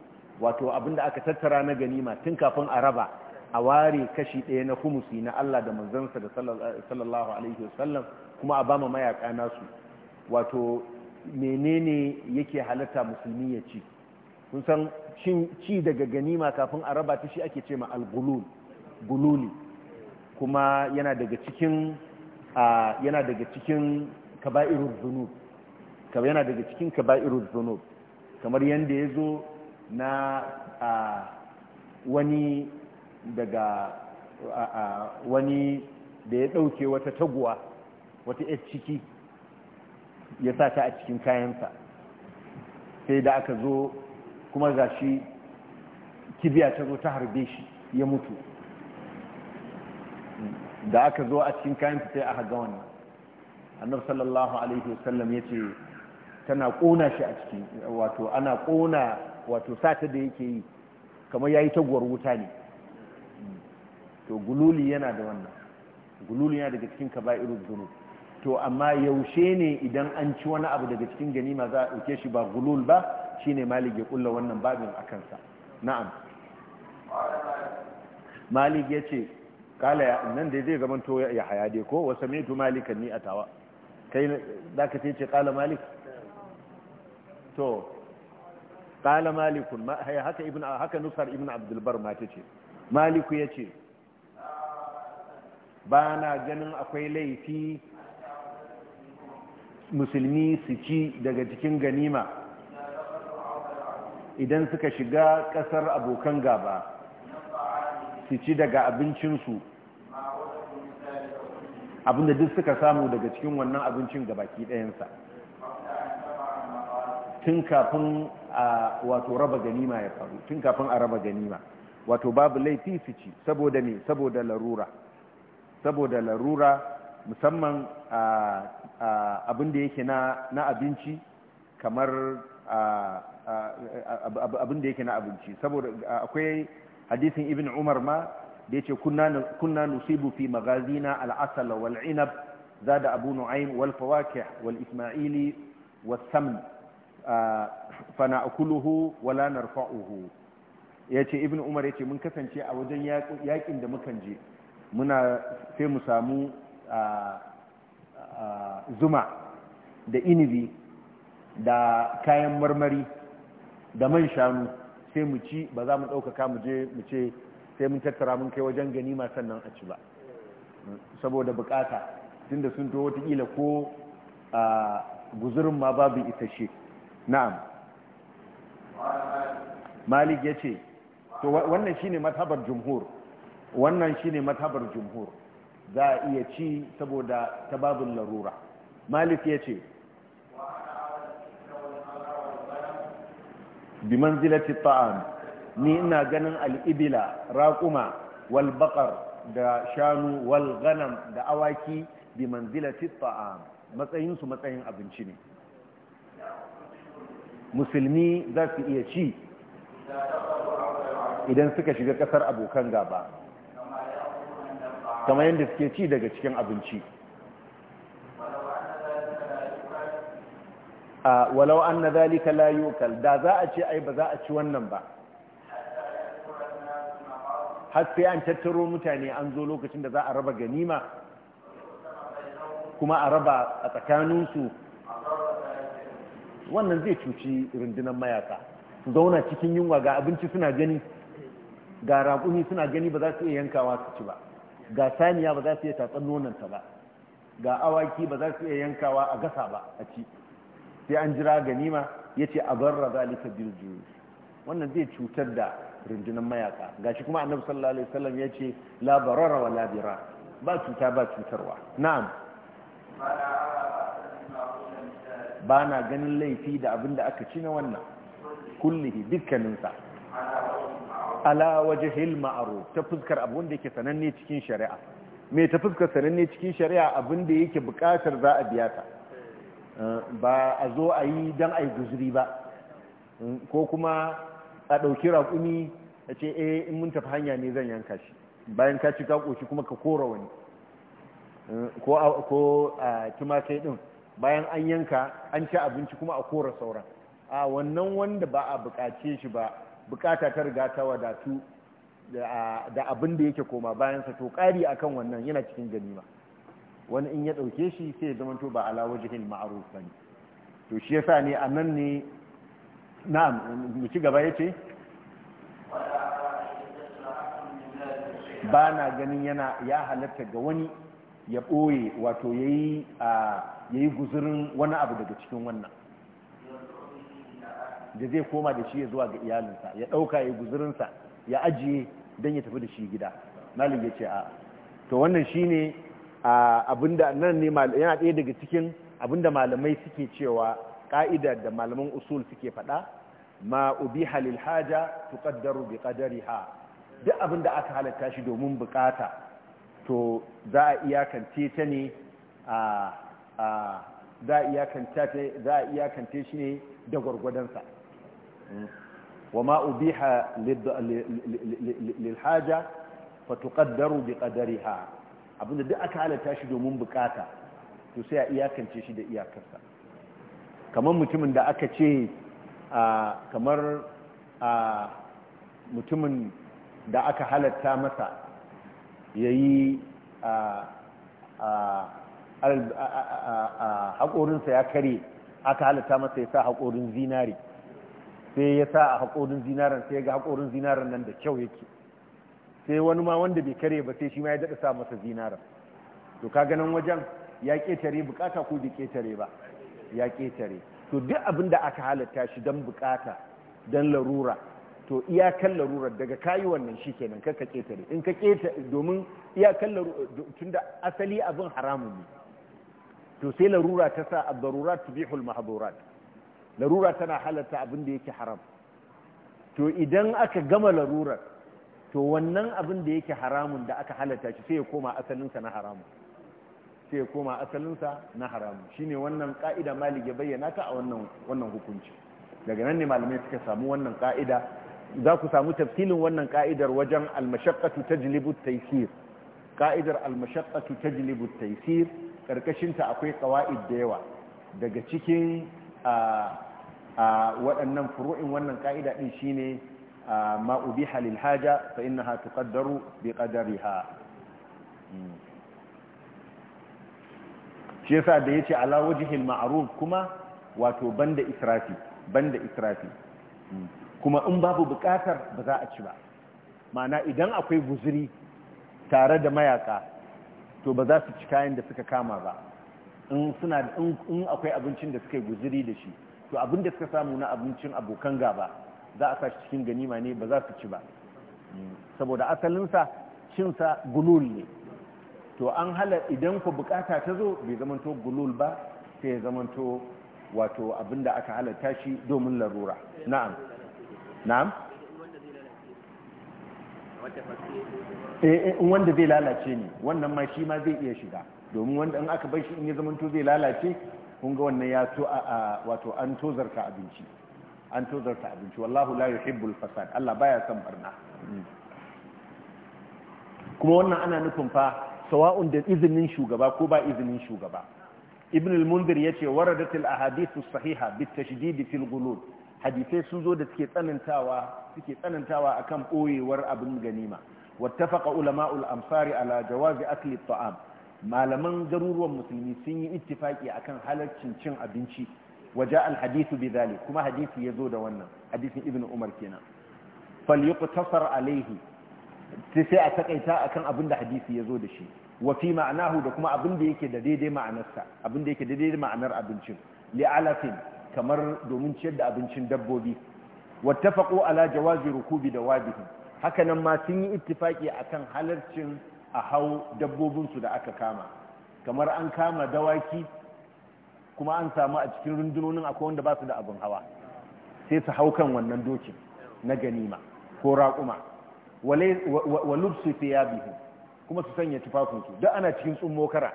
wato abin da aka tattara na ganima tun kafin a raba a ware kashi ɗaya na humusi na Allah da manzansa da sallallahu alaihi wasallam kuma a bama mayaka nasu wato menene yake halatta musulmi ya ci kun san ci daga ganima kafin a raba ta shi ake ce ma al-gulul gululi kuma yana daga cikin yana daga cikin kaba'irul zunub kaba yana daga cikin kaba'irul zunub kamar yanda yazo na wani daga wani da ya ɗauke wata taguwa wata yar ciki ya sa ta a cikin kayansa sai da aka zo kuma ga shi kibiya ta zo ta harbe shi ya mutu da aka zo a cikin kayan fitai a haga wannan annabi sallallahu alaihi wasallam ya ce tana kona shi a ciki wato ana kona wato sata da yake yi kamar ya yi taguwar wuta ne to gululi yana da wannan gululi yana daga cikin kaba'irul dhunub to amma yaushe ne idan an ci wani abu daga cikin ganima za a ɗauke shi ba gulul ba shine malik ya kulla wannan babin a kansa na'am malik ya ce kala ya nan dai zai to ya haya dai ko wasa metu malikan ni a tawa kai za ka ce kala malik to kala malikun haka ibn haka nusar ibn bar ma ta ce maliku ya ce ba na ganin akwai laifi musulmi su ci daga cikin ganima idan suka shiga ƙasar abokan gaba su ci daga abincinsu abinda duk suka samu daga cikin wannan abincin gabaki ɗayansa tun kafin a wato raba ganima ya faru tun kafin a raba ganima wato babu laifi su ci saboda ne saboda larura saboda larura musamman abinda yake na abinci kamar abin da yake na abinci saboda akwai hadisin ibn umar ma da yace kunna nusibu fi magazina al'asala wal inab zada abu nu'aym wal fawakih wal isma'ili was samn fa na'kuluhu wa narfa'uhu yace ibn umar yace mun kasance a wajen yakin da mukan je muna sai mu samu zuma da inibi da kayan marmari da man shanu sai mu ci ba za mu ɗaukaka mu je mu ce sai mun tattara mun kai wajen gani ma sannan a ci ba saboda bukata tunda sun to watakila ko a guzurin ma babu isashe na'am malik ya ce to wannan shine mazhabar jumhur wannan shine mazhabar jumhur za a iya ci saboda ta babin larura malik ya ce bi manzilati ta'am ni ina ganin al'ibila raƙuma wal baqar da shanu wal ganam da awaki bi manzilati ta'am matsayin matsayin abinci ne musulmi za su iya ci idan suka shiga ƙasar abokan gaba kamar yadda suke ci daga cikin abinci walau an na zalika layukal da za a ce ai ba za a ci wannan ba har sai an tattaro mutane an zo lokacin da za a raba ganima kuma a raba a tsakaninsu wannan zai cuci rundunar mayaka zauna cikin yunwa ga abinci suna gani ga raƙumi suna gani ba za su iya yankawa su ci ba ga saniya ba za su iya tatsan nonanta ba ga awaki ba za su iya yankawa a gasa ba a ci sai an jira ganima ya ce a barra zalika bil wannan zai cutar da rundunar mayaka gashi kuma annabi sallallahu alaihi wasallam ya ce la barara wa la ba cuta ba cutarwa na'am ba na ganin laifi da abin da aka ci na wannan kullihi dukkaninsa ala wajhil ma'ruf ta fuskar abin da yake sananne cikin shari'a me ta fuskar sananne cikin shari'a abin da yake bukatar za a biya ta ba a zo a yi don a yi guzuri ba mm, ko kuma a ɗauki raƙumi a ce eh in mun tafi hanya ne zan yanka shi bayan ka ci ka kuma ka kora wani mm, ko a tumakai ɗin bayan an yanka an ci abinci kuma a kora sauran a wannan wanda ba a buƙace shi ba buƙata ta riga ta wadatu da abin da yake koma bayansa to ƙari akan wannan yana cikin ganima. wani in ya ɗauke shi sai zama to ba ala wajihin ma'aruf ba ne to shi yasa ne a nan ne na mu ci gaba ya ce ba na ganin yana ya halatta ga wani ya ɓoye wato ya yi guzurin wani abu daga cikin wannan da zai koma da shi ya zuwa ga iyalinsa ya ɗauka ya guzurinsa ya ajiye don ya tafi da shi gida malin ya a to wannan shi ne abinda nan ne yana ɗaya daga cikin abinda malamai suke cewa ƙa'idar da malaman usul suke faɗa ma ubi halil haja ƙaddaru bi ha, duk abinda aka halatta shi domin buƙata to za a iyakance ta ne za a iyakance shi ne da gwargwadonsa wa ma ubi lil haja fa tuqaddaru bi ha abinda duk aka halatta shi domin bukata to sai a iyakance shi da iyakarsa kamar mutumin da aka ce kamar mutumin da aka halatta masa ya yi haƙorinsa ya kare aka halatta masa ya sa haƙorin zinari sai ya sa a haƙorin zinaran sai ya ga haƙorin zinaran nan da kyau yake sai wani ma wanda bai kare ba sai shi ma ya daɗa sa masa zinara to ka ganin wajen ya ƙetare bukata ko bai ƙetare ba ya ƙetare to duk abin da aka halatta shi don bukata don larura to iyakan larurar daga kayi wannan shi kenan ka ƙetare in ka ƙetare domin iyakan larura tunda asali abin haramun ne to sai larura ta sa abdarurat tubihul mahdurat larura tana halatta abin da yake haram to idan aka gama larurar to wannan abin da yake haramun da aka halatta shi sai ya koma asalinsa na haramun sai ya koma asalinsa na haramun shine wannan ka'ida malik ya bayyana ta a wannan wannan hukunci daga nan ne malamai suka samu wannan ka'ida za ku samu tafsilin wannan ka'idar wajen al-mashaqqatu tajlibu at-taysir ka'idar al-mashaqqatu tajlibu at-taysir karkashin ta akwai qawaid da yawa daga cikin a waɗannan furu'in wannan ka'ida din shine ما أبيح للحاجة فإنها تقدر بقدرها shi yasa da yace ala كما ma'ruf kuma wato banda israfi banda israfi kuma in babu bukatar ba za ci ba mana idan akwai tare da mayaka to ba za su ci kayan da suka kama ba in suna in akwai abincin da suka yi guzuri da shi to abin da suka samu na abincin abokan gaba za a sashi cikin ganima ne ba za su ci ba saboda asalinsa cinsa gulul ne to an hala idan ku bukata ta zo bai zamanto gulul ba sai ya zamanto wato abinda aka halatta shi domin larura na'am na'am eh, eh, wanda zai lalace ne wannan ma shi ma zai iya shiga domin wanda in aka bar shi in ya zamanto zai lalace kun ga wannan ya to a wato an tozarka abinci an tozarta abinci wallahu la yuhibbul fasad Allah baya son barna kuma wannan ana nufin fa sawa'un da izinin shugaba ko ba izinin shugaba ibn al-mundir yace waradat al-ahadith as-sahiha bit-tashdid fil ghulul hadithai sun zo da suke tsanantawa suke tsanantawa akan boyewar abin ganima wattafaqa ulama'ul amsari ala jawazi akli at-ta'am malaman garuruwan musulmi sun yi ittifaki akan halaccin cin abinci Waje alhadithu bidhalik kuma hadisi yazo da wannan hadisin ibnu umar kenan falyuqtasar alaihi sai a takaita akan abin da hadisi yazo da shi wa ma'anahu da kuma abin da yake da daidai ma'anarsa abin da yake da daidai ma'anar abincin li'alafin kamar domin ciyar da abincin dabbobi wattafaqu ala jawazi rukubi da haka hakanan ma sun yi ittifaki akan halarcin a hau dabbobin su da aka kama kamar an kama dawaki kuma an samu a cikin rundunonin akwai wanda ba su da abin hawa sai su hau kan wannan dokin na ganima ko raƙuma wa ya bihu kuma su sanya tufafinsu duk ana cikin tsummo kara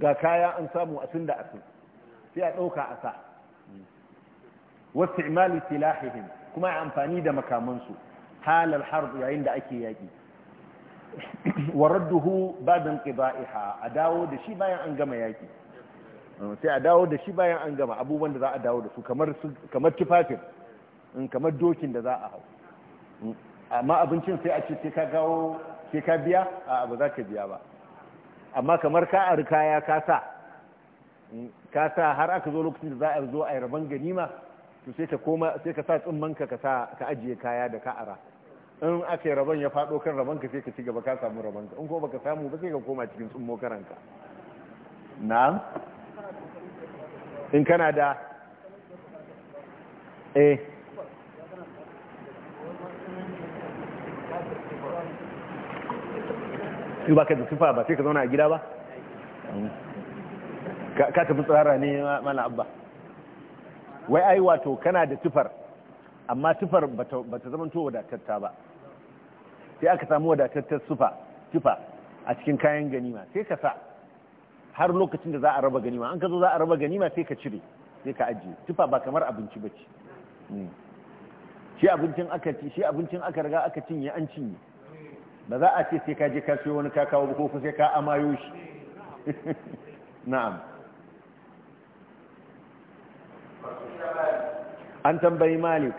ga kaya an samu a tun da a sun sai a ɗauka a sa wasu imali silahihim kuma a amfani da makamansu halar har yayin da ake yaƙi wa radduhu don ƙiba'iha a dawo da shi bayan an gama yaƙi Eh, sai a dawo da shi bayan an gama abubuwan da za a dawo da su kamar tufafin eh, kamar dokin da za a hau eh, amma abincin sai a ce sai ka gawo sai ka biya a ba za ka biya ba amma kamar ka a kaya ka sa ka sa har aka zo lokacin da za a zo a yi rabon ganima to sai ka koma sai ka sa tsimmanka ka sa ka ajiye kaya da ka ara in aka yi rabon ya faɗo kan rabon ka sai ka ci gaba ka samu rabon ka in ko baka samu ba sai ka koma cikin tsimmo karanka na'am in kana da eh su ba ka da tufa ba sai ka zauna a gida ba ka tafi tsara ne mana abba wai ai wato kana da tufar amma tufar ba ta zamanto wadatatta ba sai aka samu wadatattar tufa a cikin kayan ganima sai ka sa har lokacin da za a raba ganima an ka zo za a raba ganima sai ka cire sai ka ajiye tufa ba kamar abinci ba ce hmm. shi abincin aka ci shi abincin aka riga aka cinye an cinye ba za a ce sai ka je ka siyo wani kakawo ko kuma sai ka amayo shi na'am an tambayi malik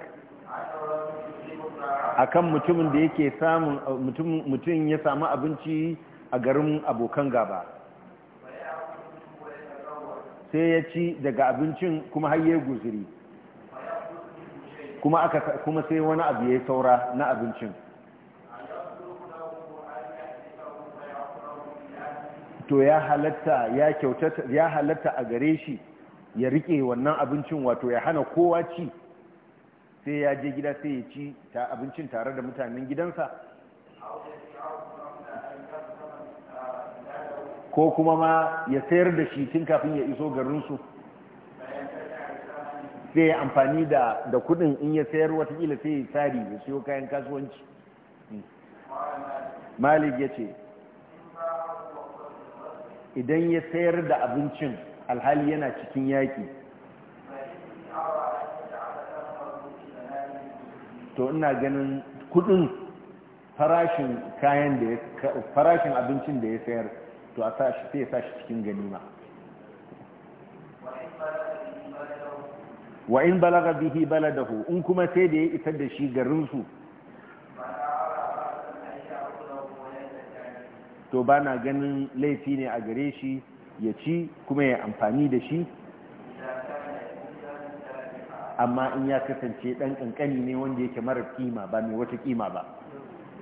akan mutumin da yake samun mutum ya samu abinci a garin abokan gaba sai ya ci daga abincin kuma har ya guziri kuma kuma sai wani abu ya saura na abincin to ya halatta a gare shi ya rike wannan abincin wato ya hana kowa ci sai ya je gida sai ya ci ta abincin tare da mutanen gidansa ko kuma ma ya sayar da shi tun kafin ya iso garinsu sai amfani da da kudin in ya sayar watakila sai ya tsari ya siyo kayan kasuwanci hmm. malik ya ce idan ya sayar da abincin alhali yana cikin yaƙi to ina ganin kudin farashin abincin da ya sayar to a sashi sai sa shi cikin ganima wa in balaga bihi baladahu in kuma sai da ya isar da shi garin su. to ba na ganin laifi ne a gare shi ya ci kuma ya amfani da shi amma in ya kasance dan kankani ne wanda yake mara kima ba mai wata kima ba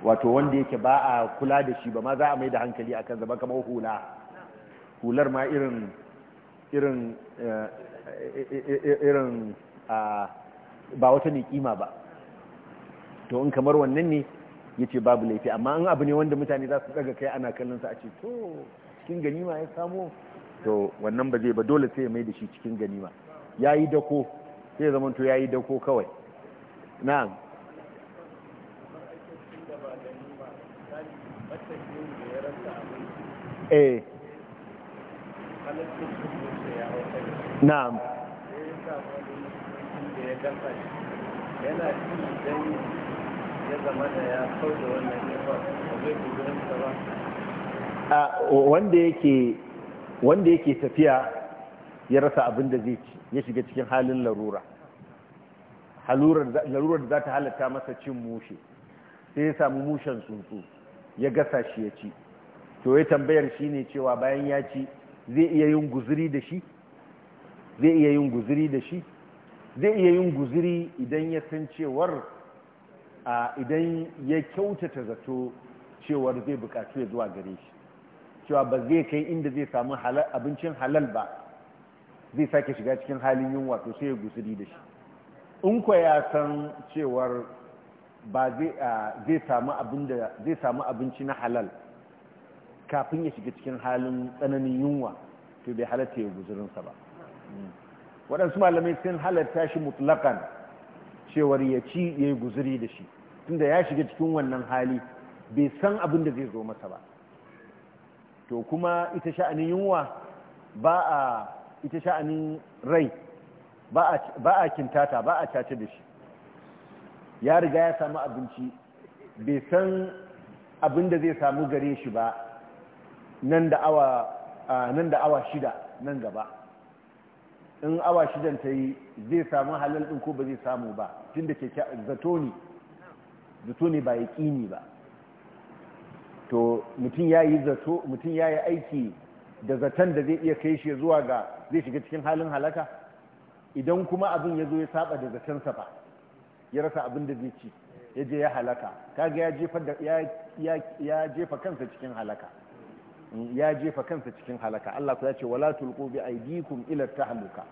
wato wanda yake ba a kula da shi ba ma za a mai da hankali a kan zaba kamar hula hular ma irin irin eh, ba wata ne kima ba to in kamar wannan ne ya ce babu laifi amma in abu ne wanda mutane za su daga kai ana kallon sa a ce to cikin ganima ya samo to wannan ba zai ba dole sai ya mai da shi cikin ganima ya yi dako sai ya zama to ya yi dako kawai na'am eh wanda yake tafiya ya rasa abin da zai ci ya shiga cikin halin larura larurar da za ta halatta masa cin mushe sai ya samu mushen tsuntsu ya gasa shi ya ci to ya tambayar shi ne cewa bayan ya ci zai iya yin guziri da shi zai iya yin guziri da shi zai iya yin guziri idan ya san cewar idan ya kyautata zato cewar zai bukatu ya zuwa gare shi cewa ba zai kai inda zai samu abincin halal ba zai sake shiga cikin halin yunwa to sai ya guziri da shi in kwa ya san cewar ba zai samu abinci na halal kafin ya shiga cikin halin tsananin yunwa to bai halatta ya guzurinsa ba waɗansu malamai sun halatta shi mutlakan cewar ya ci ya yi guzuri da shi tunda ya shiga cikin wannan hali bai san abin da zai zo masa ba to kuma ita sha'anin yunwa ba a ita sha'anin rai ba a kintata ba a cace da shi ya riga ya samu abinci bai san abin da zai samu gare shi ba nan da awa shida nan gaba in awa shidan ta yi zai samu halal ɗin ko ba zai samu ba tun da ke zato ne ba ya ƙini ba to mutum ya yi aiki da zaton da zai iya kai shi zuwa ga zai shiga cikin halin halaka idan kuma abin ya zo ya saba da zatonsa ba ya rasa abin da zai ci ya je ya halaka kaga ya jefa kansa cikin halaka ya jefa kansa cikin halaka Allah ku ya ce wala tulqu bi aydikum ila tahluka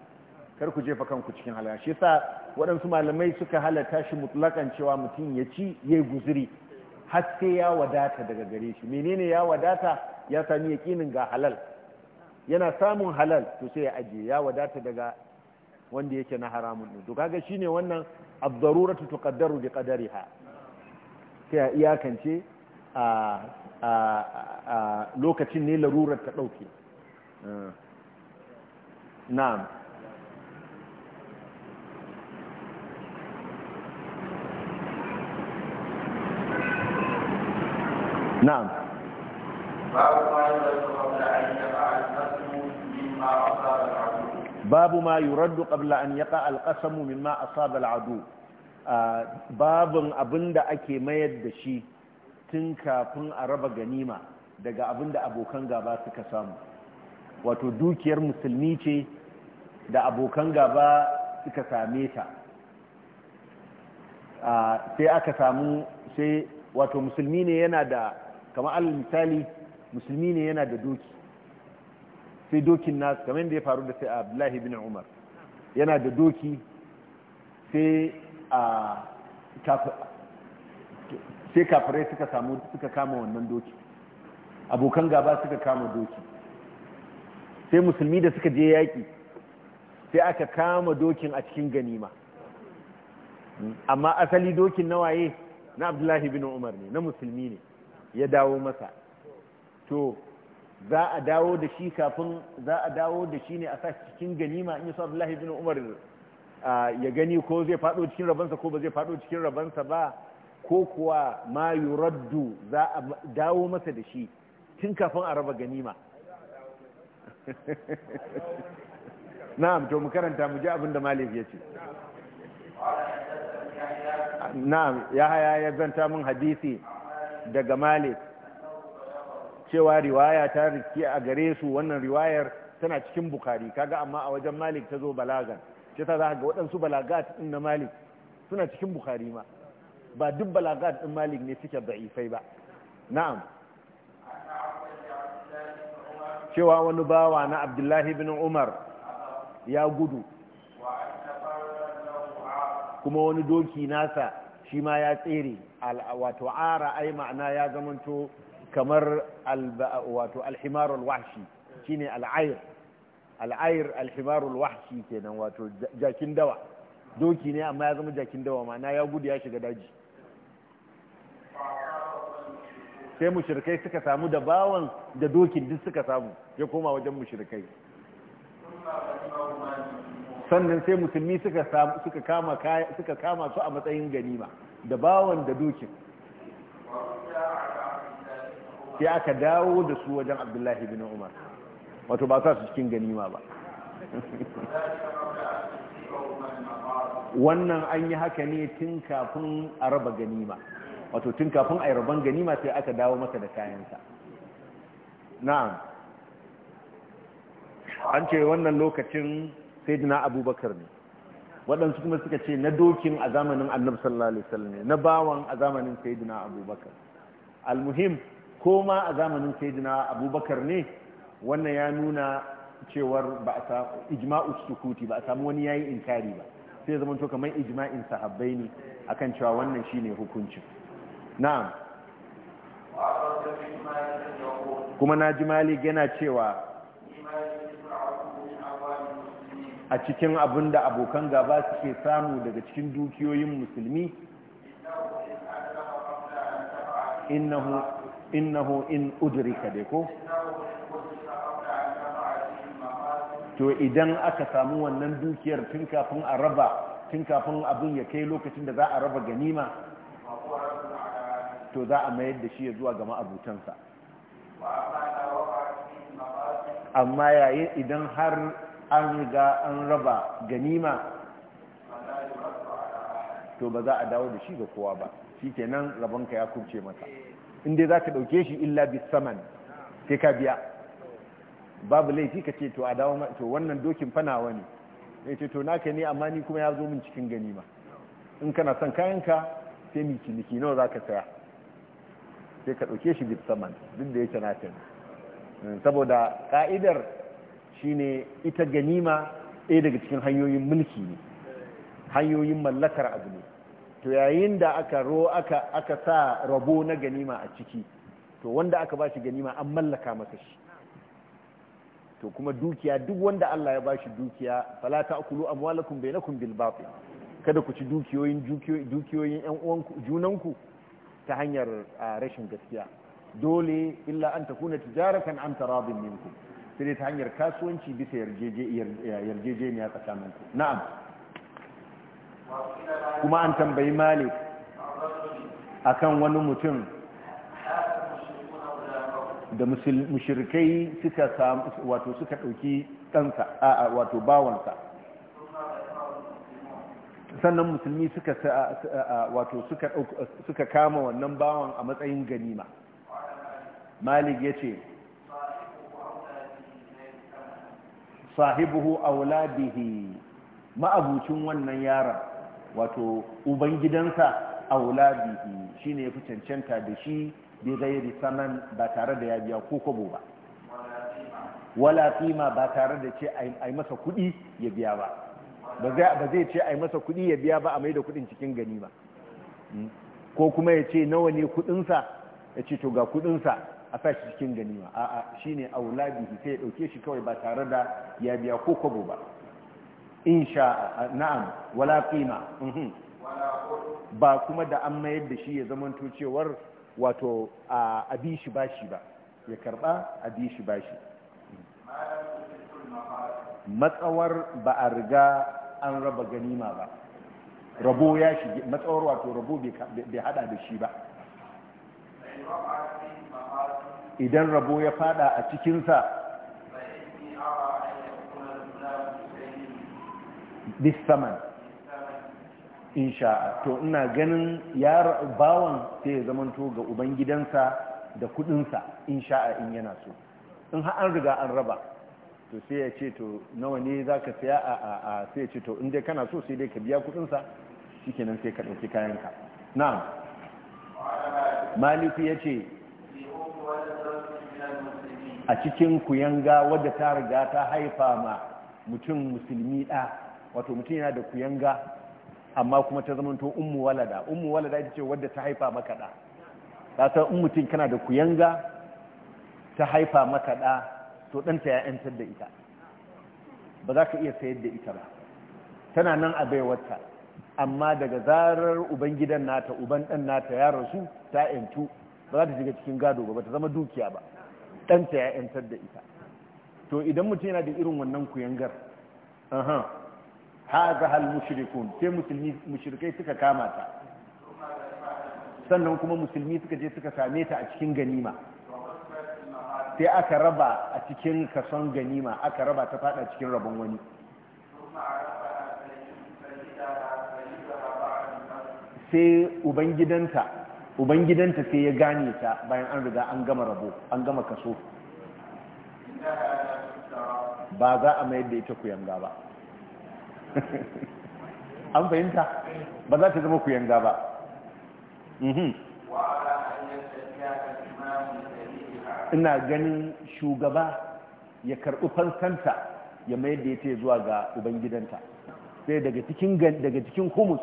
kar ku jefa kanku cikin halaka shi yasa waɗansu malamai suka halata shi mutlakan cewa mutum ya ci yayi guzuri har sai ya wadata daga gare shi menene ya wadata ya sami yakinin ga halal yana samun halal to sai ya aje ya wadata daga wanda yake na haramun din to kaga shine wannan ad-daruratu tuqaddaru bi qadariha sai iyakance a lokacin ne larurar ta ɗauke na'am na'am babu ma raddu qabla an yaqa alƙasamu min ma'asa asaba al babun abinda ake mayar da shi tun kafin a raba ganima daga abin da abokan gaba suka samu wato dukiyar musulmi ce da abokan gaba suka same ta sai aka samu sai wato musulmi ne yana da kama alal misali musulmi ne yana da doki sai dokin nasu kamar yadda ya faru da sai abdullahi bin umar yana da doki sai a sai kafirai suka samu suka kama wannan doki abokan gaba suka kama doki sai musulmi da suka je yaƙi sai aka kama dokin a cikin ganima amma asali dokin na waye na abdullahi bin umar ne na musulmi ne ya dawo masa to za a dawo da shi kafin za a dawo da shi ne a sa cikin ganima in yi su abdullahi bin umar ya gani ko zai faɗo cikin rabansa ko ba zai faɗo cikin rabansa ba ko kuwa ma yuraddu za a dawo masa da shi tun kafin a raba ganima na'am to mu karanta mu ji abin da malik ya ce na'am ya haya ya zanta min hadisi daga malik cewa riwaya ta riski a gare su wannan riwayar tana cikin bukari kaga amma a wajen malik ta zo balagan ce ta za ga waɗansu balagat ɗin na malik suna cikin bukari ma ba duk balagat din malik ne suke da'ifai ba na'am cewa wani bawa na abdullahi bin umar ya gudu kuma wani doki nasa shi ma ya tsere wato ara ai ma'ana ya zamanto kamar wato alhimarul wahshi shine al'air al'air alhimarul wahshi kenan wato jakin dawa doki ne amma ya zama jakin dawa ma'ana ya gudu ya shiga daji sai mushrikai suka samu da bawan da dokin duk suka samu ya koma wajen mushrikai sannan sai musulmi suka suka kama suka kama su a matsayin ganima da bawan da dokin sai aka dawo da su wajen Abdullahi bin Umar wato ba sa su cikin ganima ba wannan an yi haka ne tun kafin a raba ganima wato tun kafin a yi rabon ma sai aka dawo masa da kayansa na'am an ce wannan lokacin sai dina abubakar ne waɗansu kuma suka ce na dokin a zamanin annabi sallallahu ne na bawan a zamanin dina abubakar almuhim ko ma a zamanin saidina abubakar ne wannan ya nuna cewar ba a samu ijma'u sukuti ba a samu wani yayi inkari ba sai zama to kamar ijma'in sahabbai ne akan cewa wannan shine hukuncin na'am kuma na ji malik yana cewa a cikin abin da abokan gaba suke samu daga cikin dukiyoyin musulmi innahu in udrika dai ko to idan aka samu wannan dukiyar tun kafin a raba tun kafin abin ya kai lokacin da za a raba ganima to za a mayar da shi ya zuwa ga ma'abutansa amma yayin idan har an riga an raba ganima to ba za a dawo da shi ga kowa ba shi kenan rabonka ya kurce masa inda za ka ɗauke shi illa saman, sai ka biya babu laifi ka ce to a dawo to wannan dokin fanawa wani. ya ce to naka ne amma ni kuma ya zo min cikin ganima in kana son kayanka sai mi ciniki nawa za ka saya sai ka ɗauke shi saman duk da ce nafin hmm, saboda ƙa'idar shine ita ganima ɗaya daga cikin hanyoyin mulki ne hanyoyin mallakar abu ne to yayin da aka ro aka sa rabo na ganima a ciki to wanda aka ba shi ganima an mallaka masa shi to kuma dukiya duk wanda Allah ya bashi dukiya fala ta'kulu amwalakum bainakum bil batil kada ku ci dukiyoyin dukiyoyin ƴan uwanku junanku ta hanyar rashin gaskiya dole illa an ta kuna tijaratan an ta rabin minku sai ta hanyar kasuwanci bisa yarjejeniya tsakaninku na'am kuma an tambayi malik kan wani mutum da mushirkai suka wato suka dauki kansa wato bawansa sannan musulmi suka kama wannan bawan a matsayin ganima malik ya ce sahibuhu auladihi ma'abucin wannan yaron wato ubangidansa auladihi shine yafi cancanta da shi bai gairi sanan ba tare da ya biya ko kobo ba wala fima ba tare da ce ai masa kuɗi ya biya ba ba zai ce a yi masa kuɗi ya biya ba a mai da kuɗin cikin gani ba hmm? ko kuma ya ce nawa ne kuɗinsa ya ce to ga kuɗinsa a sa shi cikin gani ba a'a shi ne aula sai ya ɗauke shi kawai ba tare da ya biya ko kwabo ba insha na'am wala qima mhm. ba kuma da an mayar da shi ya zamanto cewar wato a bi shi bashi ba ya karɓa a bi shi bashi hmm. matsawar ba a riga an raba ganima ba rabo ya shige matsawar wato rabo bai hada da shi ba idan rabo ya fada a cikinsa bisaman insha'a to ina ganin ya bawan sai ya zamanto ga ubangidansa da kudinsa insha'a in yana so in ha'an riga an raba to sai ya ce to nawa ne za ka saya a a a sai ya ce to inda kana so sai dai ka biya kudinsa sa sai ka ɗauki ka na'am maliku ya ce a cikin kuyanga wadda ta riga ta haifa ma mutum musulmi ɗa wato mutum yana da kuyanga amma kuma ta zamanto ummu walada ummu walada ita ce wadda ta haifa maka ɗa ta san in mutum kana da kuyanga ta haifa maka ɗa to ɗanta ya ‘yantar da ita ba za ka iya sayar da ita ba tana nan a baiwarta amma daga zarar uban gidan nata uban ɗan nata ya rasu ta ‘yantu ba za ta shiga cikin gado ba ba ta zama dukiya ba ɗanta ya ‘yantar da ita to idan mutum yana da irin wannan kuyangar haza hal mushrikun sai musulmi mushrikai suka kama ta sannan kuma musulmi suka je suka same ta a cikin ganima sai aka raba a cikin kason ganima aka raba ta fada cikin rabon wani sai ubangidanta ubangidanta sai ya gane ta bayan an riga an gama rabo an gama kaso ba za a mayar da ita kuyanga ba an fahimta ba za ta zama kuyanga ba mhm. ina ganin shugaba ya karɓi fansanta ya mayar da ya zuwa ga ubangidanta sai daga cikin daga cikin humus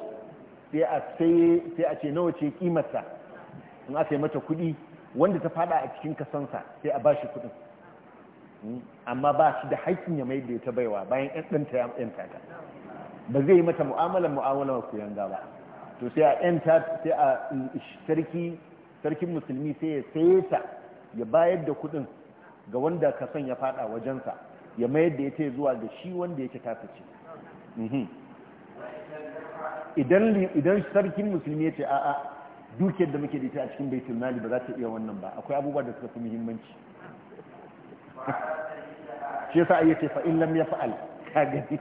sai a ce nawa ce kimarsa in aka yi mata kuɗi wanda ta faɗa a cikin kasansa sai a ba shi kuɗin hmm? amma ba shi da haƙƙin ya mayar da ta baiwa bayan ɗan ɗanta ya ɗanta ta ba zai yi mata mu'amala mu'amala ku yanga ba to sai a ɗanta sai a sarki sarkin musulmi sai ya saye ta ya bayar da kudin ga wanda ka son ya fada wajensa ya mayar da ya ce zuwa ga shi wanda yake tasace mhm. idan sarkin musulmi ya ce a'a dukiyar da muke da ita a cikin baitul mali ba za ta iya wannan ba akwai abubuwa da suka fi muhimmanci shi yasa ayi ce fa in lam yaf'al ka gani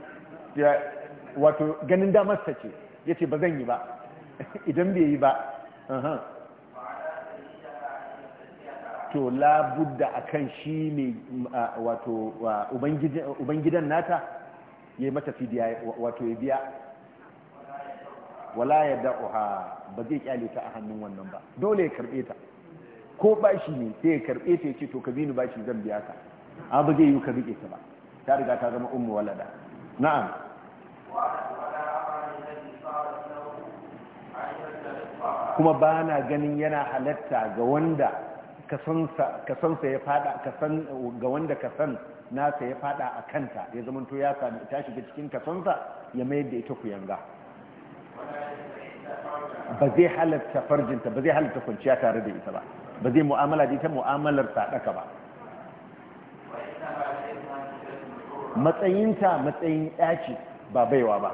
wato ganin damar ta ce yace ba zan yi ba idan bai yi ba to labudda akan shi ne wato ubangidan nata ya yi mata fidiya wato ya biya wala ya da'uha ba zai kyale ta a hannun wannan ba dole ya karbe ta ko bashi ne sai ya karbe ta ya ce to ka bi bashi zan biya ka a ba zai yi ka rike ta ba ta riga ta zama ummu walada na'am kuma ba na ganin yana halatta ga wanda ka san sa ya fada ka san ga wanda ka san nasa ya fada a kanta ya zama to ya sami ta shiga cikin ka san sa ya mayar da ita kuyanga ba zai halatta farjinta ba zai halatta kwanciya tare da ita ba ba zai mu'amala da ita mu'amalar daka ba matsayinta matsayin ɗaci ba baiwa ba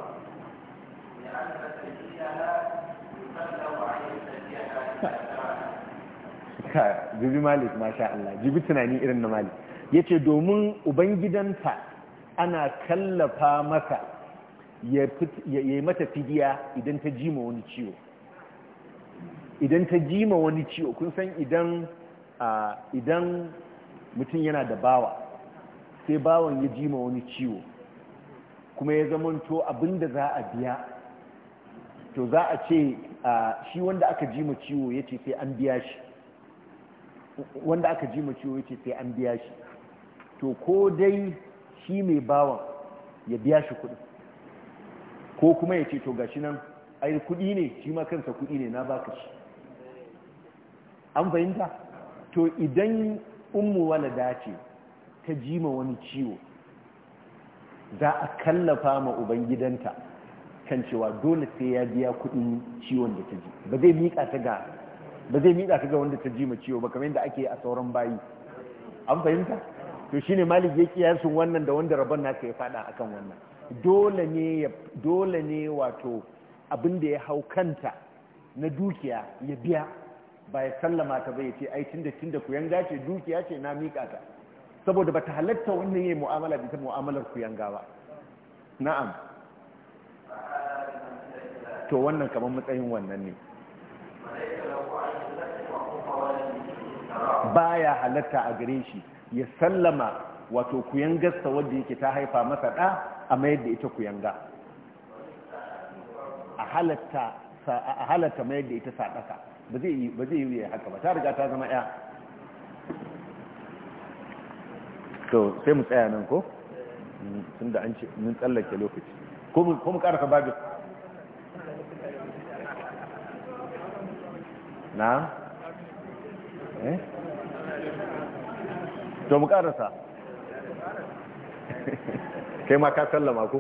jibi malik masha Allah jibi tunani irin na malik ya ce domin ubangidanta ana kallafa masa ya yi mata fidiya idan ta jima wani ciwo idan ta jima wani ciwo kun san idan mutum yana da bawa sai bawan ya jima wani ciwo kuma ya zama zamanto abinda za a biya to za a ce shi wanda aka jima ciwo ya ce sai an biya shi wanda aka ji ciwo yace sai an biya shi to ko dai shi mai bawan ya biya shi kuɗi ko kuma ya ce to gashi nan ai kuɗi ne shi ma kansa kuɗi ne na baka shi an fahimta to idan ummu wala dace ta ji ma wani ciwo za a kallafa ma ubangidanta kan cewa dole sai ya biya kuɗin ciwon da ta ji ba zai mika ta ga ba zai miƙa ka ga wanda ta ji ma ciwo ba kamar yadda ake a sauran bayi an fahimta to shine malik ya kiyasun wannan da wanda rabon naka ya fada akan wannan dole ne dole ne wato abin da ya hau kanta na dukiya ya biya ba ya sallama ta ya ce ai tunda tunda ku yanga ce dukiya ce na miƙa ta saboda ta halatta wannan yayi mu'amala ta mu'amalar ku yanga ba na'am to wannan kamar matsayin wannan ne baya halatta a gare shi ya sallama wato kuyangarsa wadda yake ta haifa masa ɗa a mayar da ita kuyanga a halatta mayar da ita sadaka ba zai yi haka ba ta riga ta zama ya to sai mu tsaya nan ko mm, tun da an ce mun tsallake lokaci ko mu ƙarfa babu na to mu karasa kai ma ka sallama ku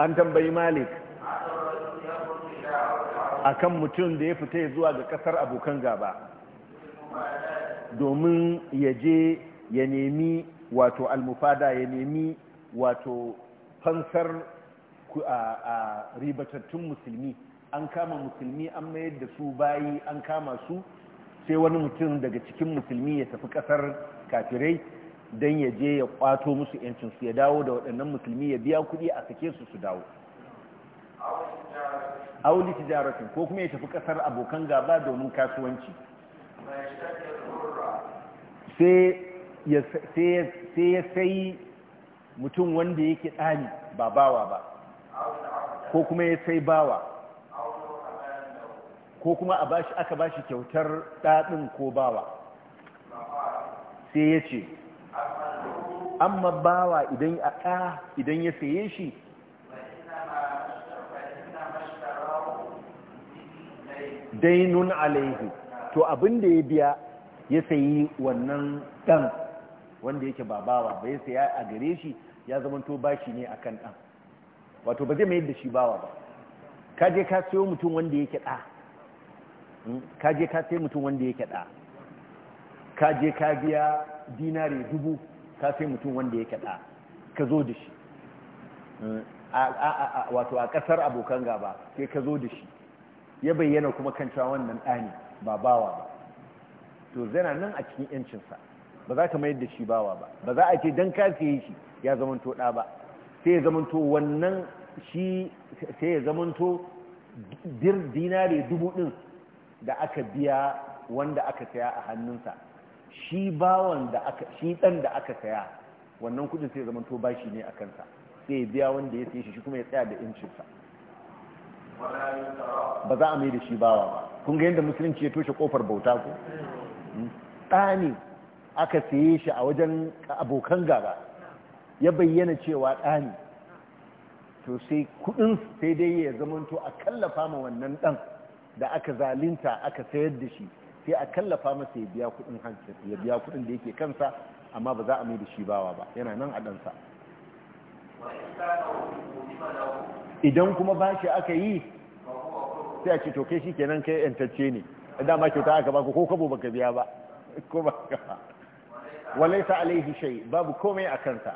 an tambayi malik akan mutum da ya fita zuwa ga kasar abokan gaba domin ya je ya nemi wato almufada ya nemi wato fansar a ribatattun musulmi an kama musulmi an mayar da su bayi an kama su sai wani mutum daga cikin musulmi ya tafi kasar kafirai don ya je ya kwato musu yancinsu ya dawo da waɗannan musulmi ya biya kuɗi a sake su su dawo auli tijaratin ko kuma ya tafi kasar abokan gaba domin kasuwanci sai ya sai mutum wanda yake ɗani ba bawa ba ko kuma ya sai bawa ko kuma a bashi aka bashi kyautar ɗaɗin ko bawa sai ya ce amma bawa idan a ɗa idan ya saye shi dainun alaihi to abin da ya biya ya sayi wannan ɗan wanda yake ba bawa ba ya saya a gare shi ya zamanto bashi ne akan ɗan wato ba zai mai da shi bawa ba ka je ka sayo mutum wanda yake ɗa ka je ka sai mutum wanda yake da ka je ka biya dinare dubu ka sai mutum wanda yake da ka zo da shi wato a kasar abokan gaba sai ka zo da shi ya bayyana kuma kan cewa wannan ɗani ba bawa ba to zana nan a cikin yancinsa ba za ka mayar da shi bawa ba ba za a ce don ka sai shi ya zamanto ɗa ba sai ya zamanto wannan shi sai ya zamanto dinare dubu ɗin da aka biya wanda aka saya a hannunsa shi bawan da aka shi dan da aka saya wannan kudin sai zama to bashi ne a kansa sai biya wanda ya saye shi shi kuma ya tsaya da sa ba za a mai da shi bawa ba kun ga yadda musulunci ya toshe kofar bauta ko tsani hmm? aka saye shi a wajen abokan gaba ya bayyana cewa ɗani to sai kudin sai dai ya zamanto a kallafa ma wannan ɗan da aka zalinta aka sayar da shi sai a kallafa masa ya biya kuɗin ya biya kuɗin da yake kansa amma ba za a mai da shi bawa ba yana nan a ɗansa idan kuma ba shi aka yi sai a ce toke shi kenan kai yantacce ne ma kyauta aka ba ko kabo baka biya ba ko ba ka ba walaisa alaihi shai babu komai a kansa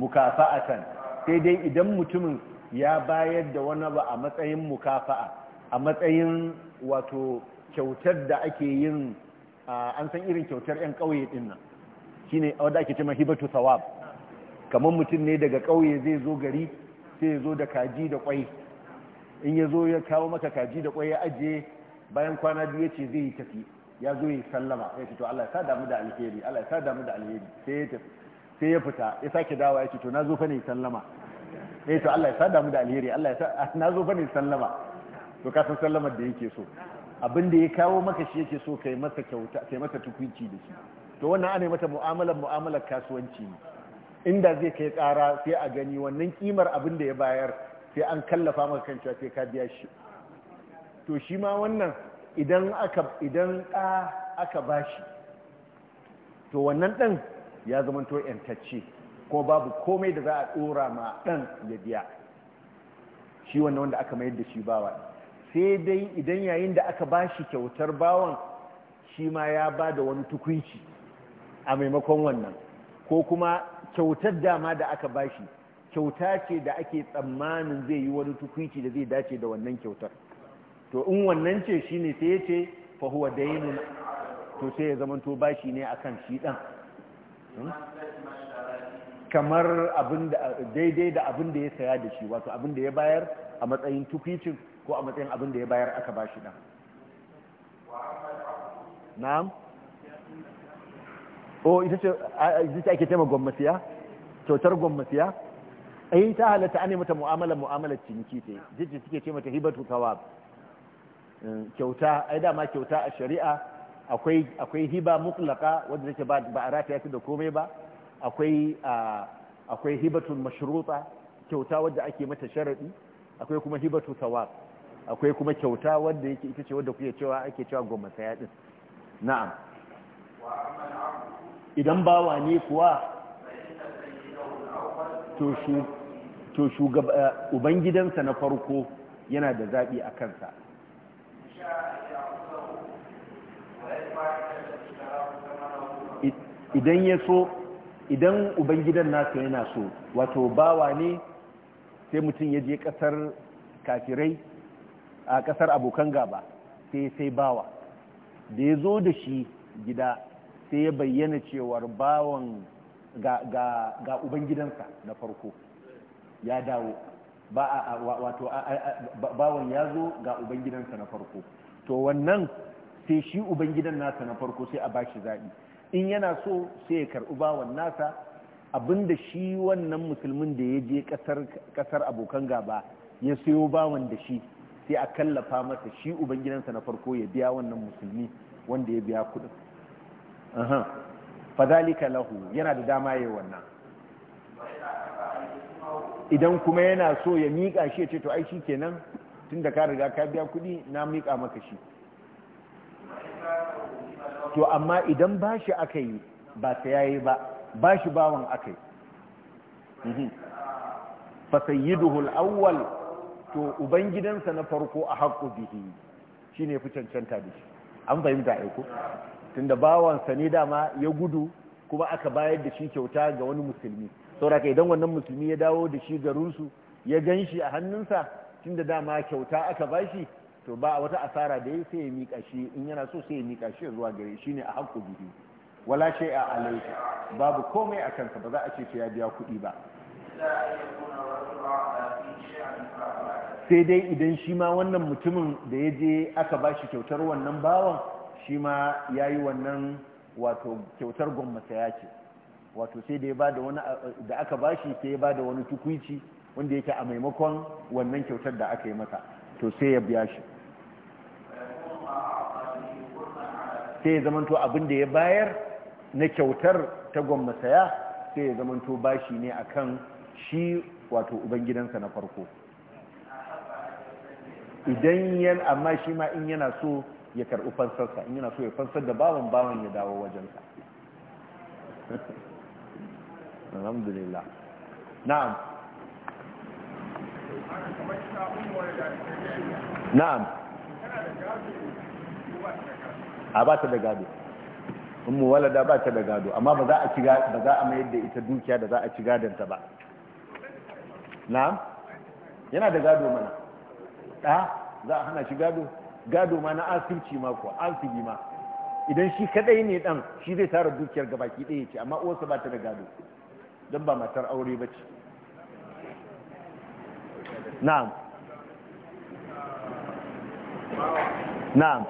mukafa'atan sai dai idan mutumin ya bayar da wani ba a matsayin mukafa'a a matsayin wato kyautar da ake yin an san irin kyautar 'yan ƙauye ɗin nan shi ne wadda ake cima hibatu sawab kamar mutum ne daga ƙauye zai zo gari sai ya zo da kaji da ƙwai in ya zo ya kawo maka kaji da ƙwai ya ajiye bayan kwana biyu ya ce zai yi tafi ya zo ya sallama ya ce to Allah ya sa damu da alheri Allah ya sa damu da alheri sai ya tafi sai ya fita ya sake dawa ya ce to na zo fa ne sallama eh to Allah ya sa damu da alheri Allah ya sa na zo bane sallama to ka san sallamar da yake so abin da ya kawo maka shi yake so kai masa kyauta kai masa tukunci da shi to wannan ana mata mu'amalar mu'amalar kasuwanci ne inda zai kai tsara sai a gani wannan kimar abin da ya bayar sai an kallafa maka kan cewa sai ka biya shi to shi ma wannan idan aka idan aka bashi to wannan ɗan ya zama to yantacce ko babu komai da za a tsora ma ɗan ya biya shi wanda wanda aka mayar da shi bawa sai dai idan yayin da aka ba shi kyautar bawan shi ma ya ba da wani tukunci a maimakon wannan ko kuma kyautar dama da aka bashi kyauta ce da ake tsammanin zai yi wani tukunci da zai dace da wannan kyautar to in wannan ce ne sai ya ce Fahuwa huwa dainun to sai ya zamanto bashi ne a kan shi dan hmm? kamar daidai da abin da ya saya da shi wato abin da ya bayar a matsayin tukwicin ko a matsayin abin da ya bayar aka ba shi ɗan na'am o oh, ita ce ake tema gwammasiya kyautar gwammasiya ai eh, ta halatta an mata mu'amala mu'amala ciniki ce jiji suke ce mata hibatu kawab eh, kyauta ai dama kyauta a shari'a akwai hiba mutlaka wanda take ba a rataya da komai ba akwai akwai hibatul mashruta kyauta wadda ake mata sharadi akwai kuma hibatu thawab akwai kuma kyauta wadda yake ita ce wadda kuke cewa ake cewa goma saya din na'am idan bawa ne kuwa to shi to shugaba ubangidansa na farko yana da zabi a kansa idan ya so idan ubangidan nasu yana so wato bawa ne sai mutum ya je kasar kafirai a kasar abokan gaba sai sai bawa da ya zo da shi gida sai ya bayyana cewar bawan ga ubangidansa na farko ya dawo wato bawan ya zo ga ubangidansa na farko to wannan sai shi ubangidan nasa na farko sai a bashi zaɓi in yana so sai ya karɓi bawan nasa abinda shi wannan musulmin da ya je ƙasar abokan gaba ya sayo bawan da shi sai a kallafa masa shi ubangidansa na farko ya biya wannan musulmi wanda ya biya kudin fadalika lahu yana da dama ya wannan idan kuma yana so ya miƙa shi ya ce to ai shi kenan tun da ka riga ka biya kudi na miƙa maka shi to amma idan bashi aka yi ba ta yayi ba bashi bawan aka yi mhm. fa sayyiduhu awwal to ubangidansa na farko a haƙƙo bihi shine fi cancanta da shi an fahimta aiko tunda bawansa ne dama ya gudu kuma aka bayar da shi kyauta ga wani musulmi sauraka idan wannan musulmi ya dawo da shi garinsu ya gan shi a hannunsa tunda dama kyauta aka bashi to ba wata asara da ya sai ya miƙa shi in yana so sai ya miƙa shi zuwa gare shi ne a haƙƙo bihi wala shi a alaika babu komai a kansa ba za a ce ya biya kuɗi ba sai dai idan shi ma wannan mutumin da ya je aka ba shi kyautar wannan bawan shi ma ya yi wannan wato kyautar ya ce wato sai da ya ba da wani da aka ba shi sai ya ba da wani tukwici wanda yake a maimakon wannan kyautar da aka yi masa to sai ya biya shi sai ya zamanto abin da ya bayar na kyautar ta gwamma saya sai ya zamanto bashi ne akan shi wato ubangidansa na farko idan yan amma shi ma in yana so ya karɓi fansarsa in yana so ya fansar da bawan bawan ya dawo wajensa alhamdulillah na'am na'am a ba ta da gado ummu walada ba ta da gado amma ba za a ci ba za a mayar da ita dukiya da za a ci gadonta ba na'am yana da gado mana ɗa za a hana shi gado gado ma na asirci ma ko asiri ma idan shi kadai ne dan shi zai tara dukiyar gabaki ɗaya ce amma uwarsa ba ta da gado don ba matar aure ba ce نعم نعم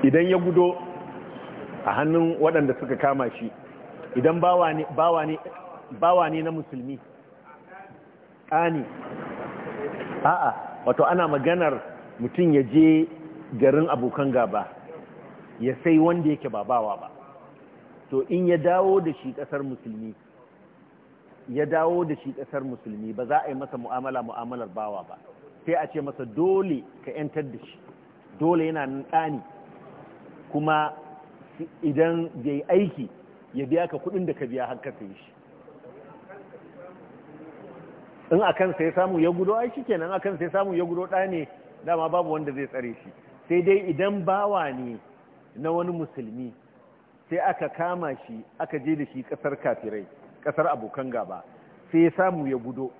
idan ya gudo a hannun waɗanda suka kama shi idan bawa ne na musulmi ƙani a'a wato ana maganar mutum ya je garin abokan gaba ya sai wanda yake ba bawa ba to in ya dawo da shi kasar musulmi ya dawo da shi kasar musulmi ba za a yi masa mu'amala mu'amalar bawa ba sai a ce masa dole ka yantar da shi dole yana nan ɗani kuma idan bai yi aiki ya biya ka kudin da ka biya har ka shi in a kansa ya samu ya gudo a shi kenan a kansa ya samu ya gudo ɗani dama babu wanda zai tsare shi sai dai idan bawa ne na wani musulmi sai aka kama shi aka je da shi kasar kafirai kasar abokan gaba sai ya samu ya gudo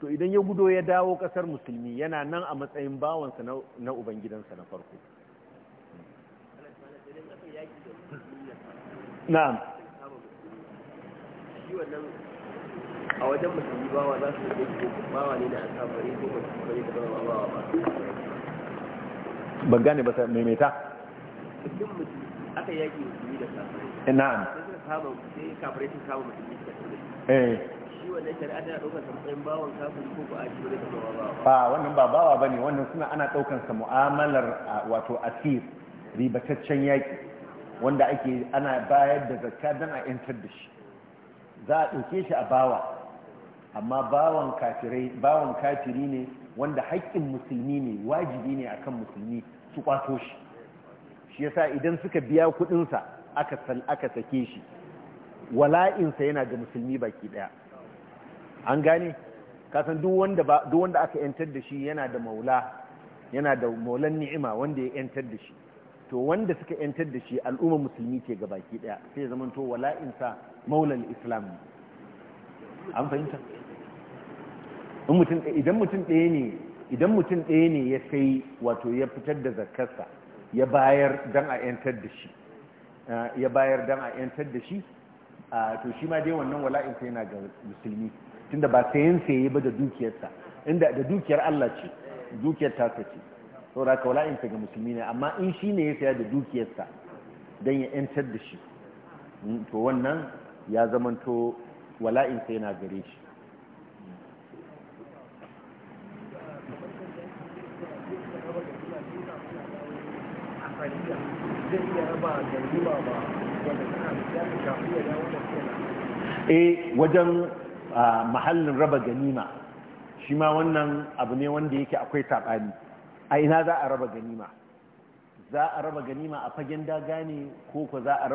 to idan ya gudo ya dawo kasar musulmi yana nan a matsayin bawansa na ubangidansa na farko na'am a wajen musulmi bawa za su yi bawa ne da asabari ko ba su da bawa ba ba gane ba maimaita duk musulmi aka musulmi da kafirai eh, sai kama sai kafirai sun kama musulmi da kafirai eh. shi wannan shari'a tana bawan ko ba a bawa ba wannan ba bawa wannan suna ana mu'amalar wato asir ribataccen yaƙi, wanda ake ana bayar da zakka dan a yantar da shi za ɗauke shi a bawa amma bawan kafirai bawan kafiri ne wanda haƙƙin musulmi ne wajibi ne akan musulmi su kwato shi shi yasa idan suka biya kuɗinsa aka san aka sake shi wala'insa yana ga musulmi baki ɗaya an gane kasan duk wanda ba duk wanda aka yantar da shi yana da maula yana da maulan ni'ima wanda ya yantar da shi to wanda suka yantar da shi al'umma musulmi ce ga baki daya sai ya zamanto wala'insa maulan islam ne an fahimta idan mutum ɗaya ne idan mutum ɗaya ne ya sai wato ya fitar da zakarsa ya bayar don a yantar da shi ya bayar don a yantar da shi to shi ma dai wannan sai yana ga musulmi tunda ba sayan saye ba da dukiyarsa inda da dukiyar Allah ce dukiyar tasa ce da ka sai ga musulmi ne amma in shi ne ya saya da dukiyarsa don ya yantar da shi hmm, to wannan ya zamanto sai yana gare shi e wajen ah, mahallin raba ganima shi ma wannan abu ne wanda yake akwai tabani a ina za a raba ganima za a raba ganima a fagen daga ne ko ko za a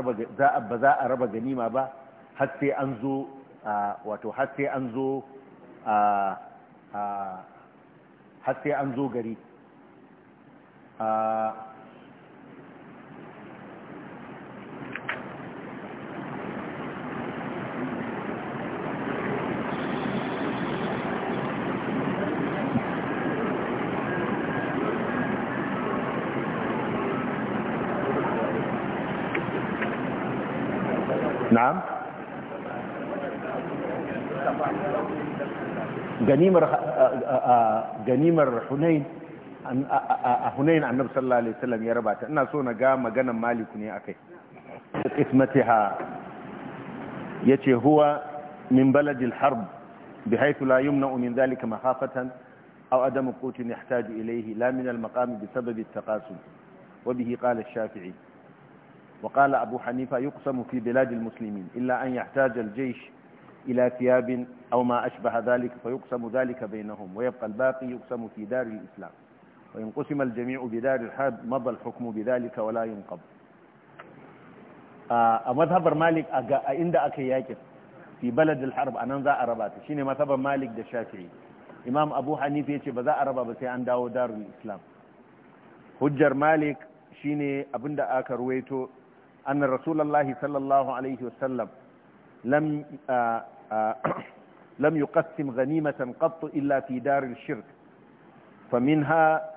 ba za a raba ganima ba har sai an zo ah, wato har sai an zo ah, har sai an zo gari ganimar ganimar hunain a hunain annabi sallallahu alaihi wasallam ya rabata ina so na ga maganan maliku ne akai ismatiha yace huwa min baladil harb bihaythu la yumna'u min dhalika mahafatan aw adam qut yahtaju ilayhi la min al maqam bisabab al taqasum wa bihi qala ash-shafi'i وقال أبو حنيفة يقسم في بلاد المسلمين إلا أن يحتاج الجيش إلى ثياب أو ما أشبه ذلك فيقسم ذلك بينهم ويبقى الباقي يقسم في دار الإسلام وإن قسم الجميع بدار الحرب مضى الحكم بذلك ولا ينقب آه، آه، مذهب مالك عند أكياكر آه، في بلد الحرب أنا ذا أربات شين مذهب مالك ذا شافعي إمام أبو حنيفة بذا أربا بس عند دار الإسلام حجر مالك شيني أبن ذا أكر ويتو أن رسول الله صلى الله عليه وسلم لم آه، لم يقسم غنيمة قط إلا في دار الشرك فمنها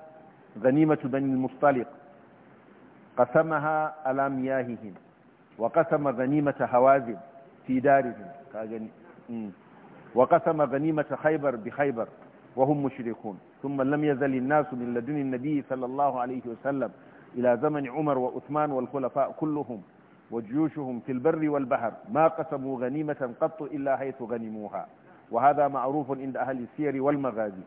غنيمة بني المصطلق قسمها على مياههم وقسم غنيمة هوازن في دارهم وقسم غنيمة خيبر بخيبر وهم مشركون ثم لم يزل الناس من لدن النبي صلى الله عليه وسلم إلى زمن عمر وأثمان والخلفاء كلهم وجيوشهم في البر والبحر ما قسموا غنيمة قط إلا حيث غنموها وهذا معروف عند أهل السير والمغازي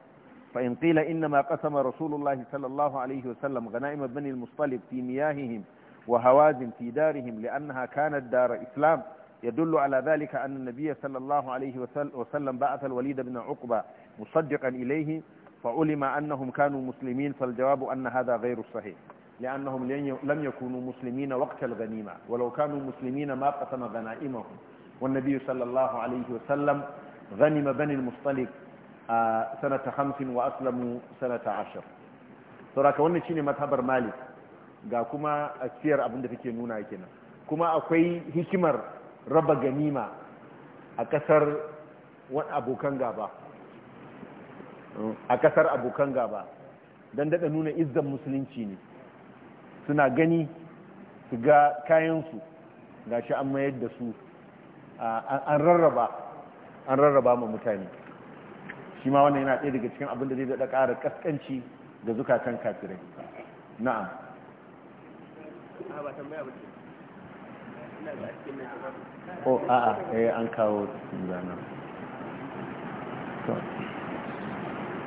فإن قيل إنما قسم رسول الله صلى الله عليه وسلم غنائم بني المصطلب في مياههم وهوازن في دارهم لأنها كانت دار إسلام يدل على ذلك أن النبي صلى الله عليه وسلم بعث الوليد بن عقبة مصدقا إليه فعلم أنهم كانوا مسلمين فالجواب أن هذا غير صحيح لأنهم لم يكونوا مسلمين وقت الغنيمة ولو كانوا مسلمين ما قسم غنائمهم والنبي صلى الله عليه وسلم غنم بني المصطلق سنة خمس وأسلموا سنة عشر sauraka wannan shine mazhabar malik ga kuma a siyar abin da take nuna kenan kuma akwai hikimar raba ganima a kasar abokan gaba a kasar abokan nuna izzan musulunci ne suna gani su ga kayansu ga shi an mayar da su an rarraba an rarraba ma mutane shi ma wannan yana ɗaya daga cikin abin da zai daɗa ƙara ƙasƙanci ga zukatan kafirai na'am oh, a'a eh an kawo zana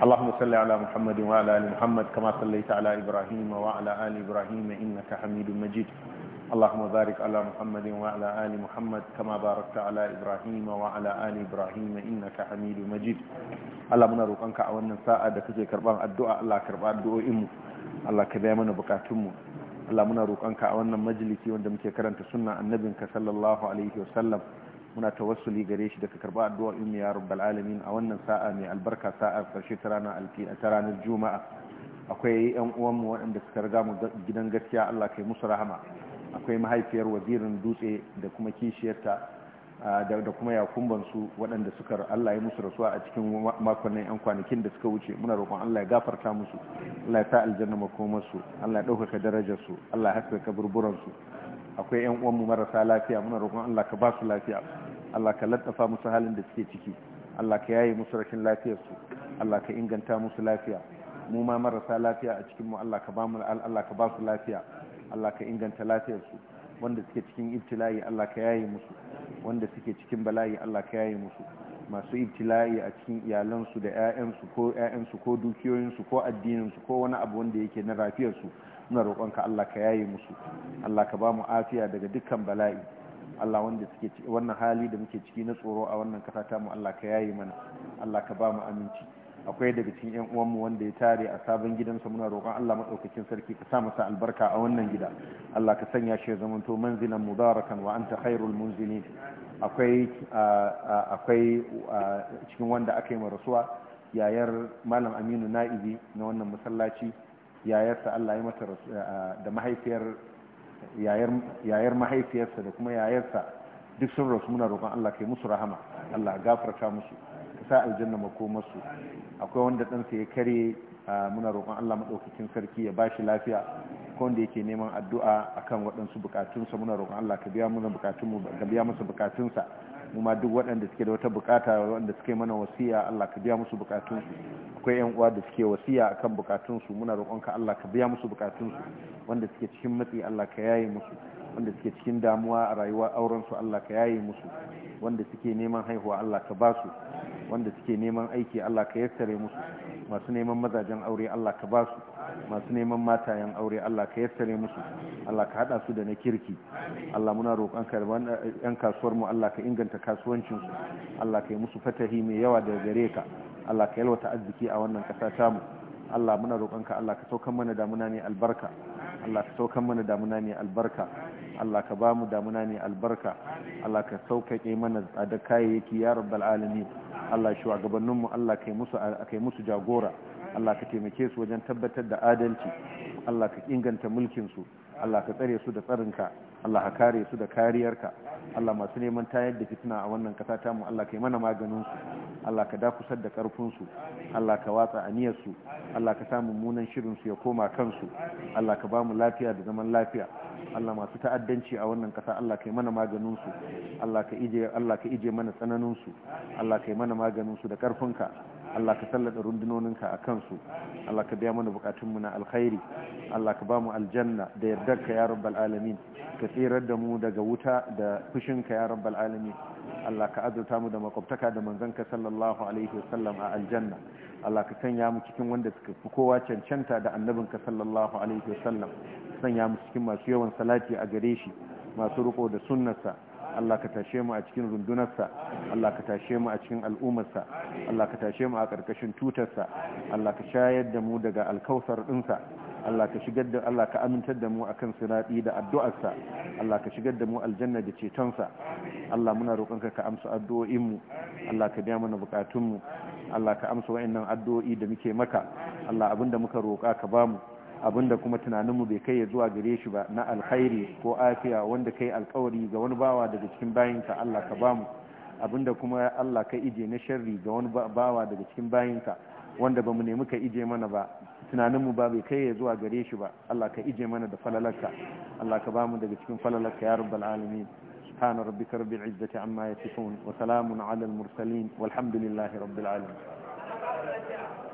اللهم صل على محمد وعلى ال محمد كما صليت على ابراهيم وعلى ال ابراهيم انك حميد مجيد اللهم بارك على محمد وعلى ال محمد كما باركت على ابراهيم وعلى ال ابراهيم انك حميد مجيد اللهم نروقنك a wannan sa'a da kake karban addu'a Allah karba addu'o'in mu Allah ka biya mana bukatun mu Allah muna roƙonka a wannan majalisi wanda muke karanta sunna annabinka sallallahu alaihi sallam. muna tawassuli gare shi daga karba addu'a in ya rabbal alamin a wannan sa'a mai albarka sa'a karshe ta ranar juma'a akwai yan uwanmu waɗanda suka riga mu gidan gaskiya Allah kai musu rahama akwai mahaifiyar wazirin dutse da kuma kishiyarta da kuma Yakumbansu su waɗanda suka Allah ya musu rasuwa a cikin makonnin yan kwanakin da suka wuce muna roƙon Allah ya gafarta musu Allah ya sa aljanna makomar Allah ya ɗaukaka darajar su Allah ya haska kaburburan su akwai yan uwan mu marasa lafiya muna roƙon Allah ka ba su lafiya Allah ka lattafa musu halin da suke ciki Allah ka yaye musu rashin lafiyar su Allah ka inganta musu lafiya mu ma marasa lafiya a cikin mu Allah ka ba mu Allah ka ba su lafiya Allah ka inganta lafiyar su wanda suke cikin ibtila'i Allah ka yaye musu wanda suke cikin bala'i Allah ka yaye musu masu ibtila'i a cikin iyalansu da 'ya'yansu ko 'ya'yansu ko dukiyoyinsu ko addininsu ko wani abu wanda yake na rafiyarsu muna roƙonka Allah ka yaye musu Allah ka ba mu afiya daga dukkan bala'i Allah wanda suke wannan hali da muke ciki na tsoro a wannan kasa ta mu Allah ka yaye mana Allah ka ba mu aminci akwai daga cikin yan uwanmu wanda ya tare a sabon gidansa muna roƙon Allah madaukakin sarki ka sa masa albarka a wannan gida Allah ka sanya shi ya zamanto manzilan mubarakan wa anta khairul munzilin akwai akwai cikin wanda aka yi wa rasuwa yayar malam Aminu Na'ibi na wannan masallaci yayarsa Allah ya mata da mahaifiyar yayar mahaifiyarsa da kuma yayarsa duk sun rasu muna roƙon Allah kai musu rahama Allah gafarta musu sa aljanna makomarsu akwai wanda ɗansa ya kare muna roƙon Allah maɗaukakin sarki ya bashi lafiya ko wanda yake neman addu'a akan waɗansu bukatunsa muna roƙon Allah ka biya muna mu ka biya masa buƙatunsa mu ma duk waɗanda suke da wata bukata waɗanda suke mana wasiya Allah ka biya musu su akwai yan uwa da suke wasiya akan su muna roƙon ka Allah ka biya musu su wanda suke cikin matsi Allah ka yaye musu wanda suke cikin damuwa a rayuwar auren su Allah ka yaye musu wanda suke neman haihuwa Allah ka ba su wanda suke neman aiki Allah ka yassare musu masu neman mazajen aure Allah ka basu masu neman matayen aure Allah ka yassare musu Allah ka hada su da na kirki Allah muna roƙon ka yan eh, kasuwar mu Allah ka inganta kasuwancin su Allah ka yi musu fatahi mai yawa daga gare ka Allah ka yalwata arziki a wannan ƙasa tamu Allah muna roƙonka Allah ka saukan mana damuna ne albarka Allah ka saukan mana damuna ne albarka Allah ka ba mu damuna ne albarka Allah ka sauƙaƙe mana tsada kayayyaki ya rabbal alamin Allah shugabanninmu Allah ka musu kai musu jagora Allah ka taimake su wajen tabbatar da adalci Allah ka inganta mulkin su Allah ka tsare su da tsarinka Allah ka kare su da kariyarka Allah masu neman tayar da fitina a wannan kasa ta mu Allah ka yi mana maganin su Allah ka dakusar da karfin su Allah ka watsa aniyar su Allah ka sa munan shirin su ya koma kansu Allah ka ba mu lafiya da zaman lafiya Allah masu ta'addanci a wannan kasa Allah ka yi mana maganin su Allah ka ije Allah ka ije mana tsananin su Allah ka yi mana maganin su da karfinka Allah ka sallada rundunoninka a kansu Allah ka biya mana bukatunmu na alkhairi Allah ka ba aljanna da yardarka ya rabbal alamin ka tsirar da mu daga wuta da fushinka ya rabbal alamin Allah ka azurta mu da makwabtaka da manzanka sallallahu alaihi wasallam a aljanna Allah ka sanya mu cikin wanda suka fi kowa cancanta da annabinka sallallahu alaihi wasallam sanya mu cikin masu yawan salati a gare shi masu riko da sunnarsa Allah ka tashe mu a cikin rundunarsa Allah ka tashe mu a cikin al'ummarsa Allah ka tashe mu a ƙarƙashin tutarsa Allah ka shayar da mu daga alkausar ɗinsa Allah ka shigar da Allah ka amintar da mu akan sinadi da addu'arsa Allah ka shigar da mu aljanna da cetonsa Allah muna roƙon ka amsa addu'o'in mu Allah ka biya mana bukatun mu Allah ka amsa wa'annan addu'o'i da muke maka Allah abinda muka roƙa ka bamu abinda kuma tunaninmu bai kai ya zuwa gare shi ba na alkhairi ko afiya wanda kai alkawari ga wani bawa daga cikin bayinka Allah ka bamu abinda kuma Allah ka ije na sharri ga wani bawa daga cikin bayinka wanda bamu nemi ka ije mana ba tunaninmu ba bai kai ya zuwa gare shi ba Allah ka ije mana da falalarka Allah ka bamu daga cikin falalarka ya rabbal alamin سبحان ربك رب العزة عما يصفون وسلام على المرسلين والحمد لله رب العالمين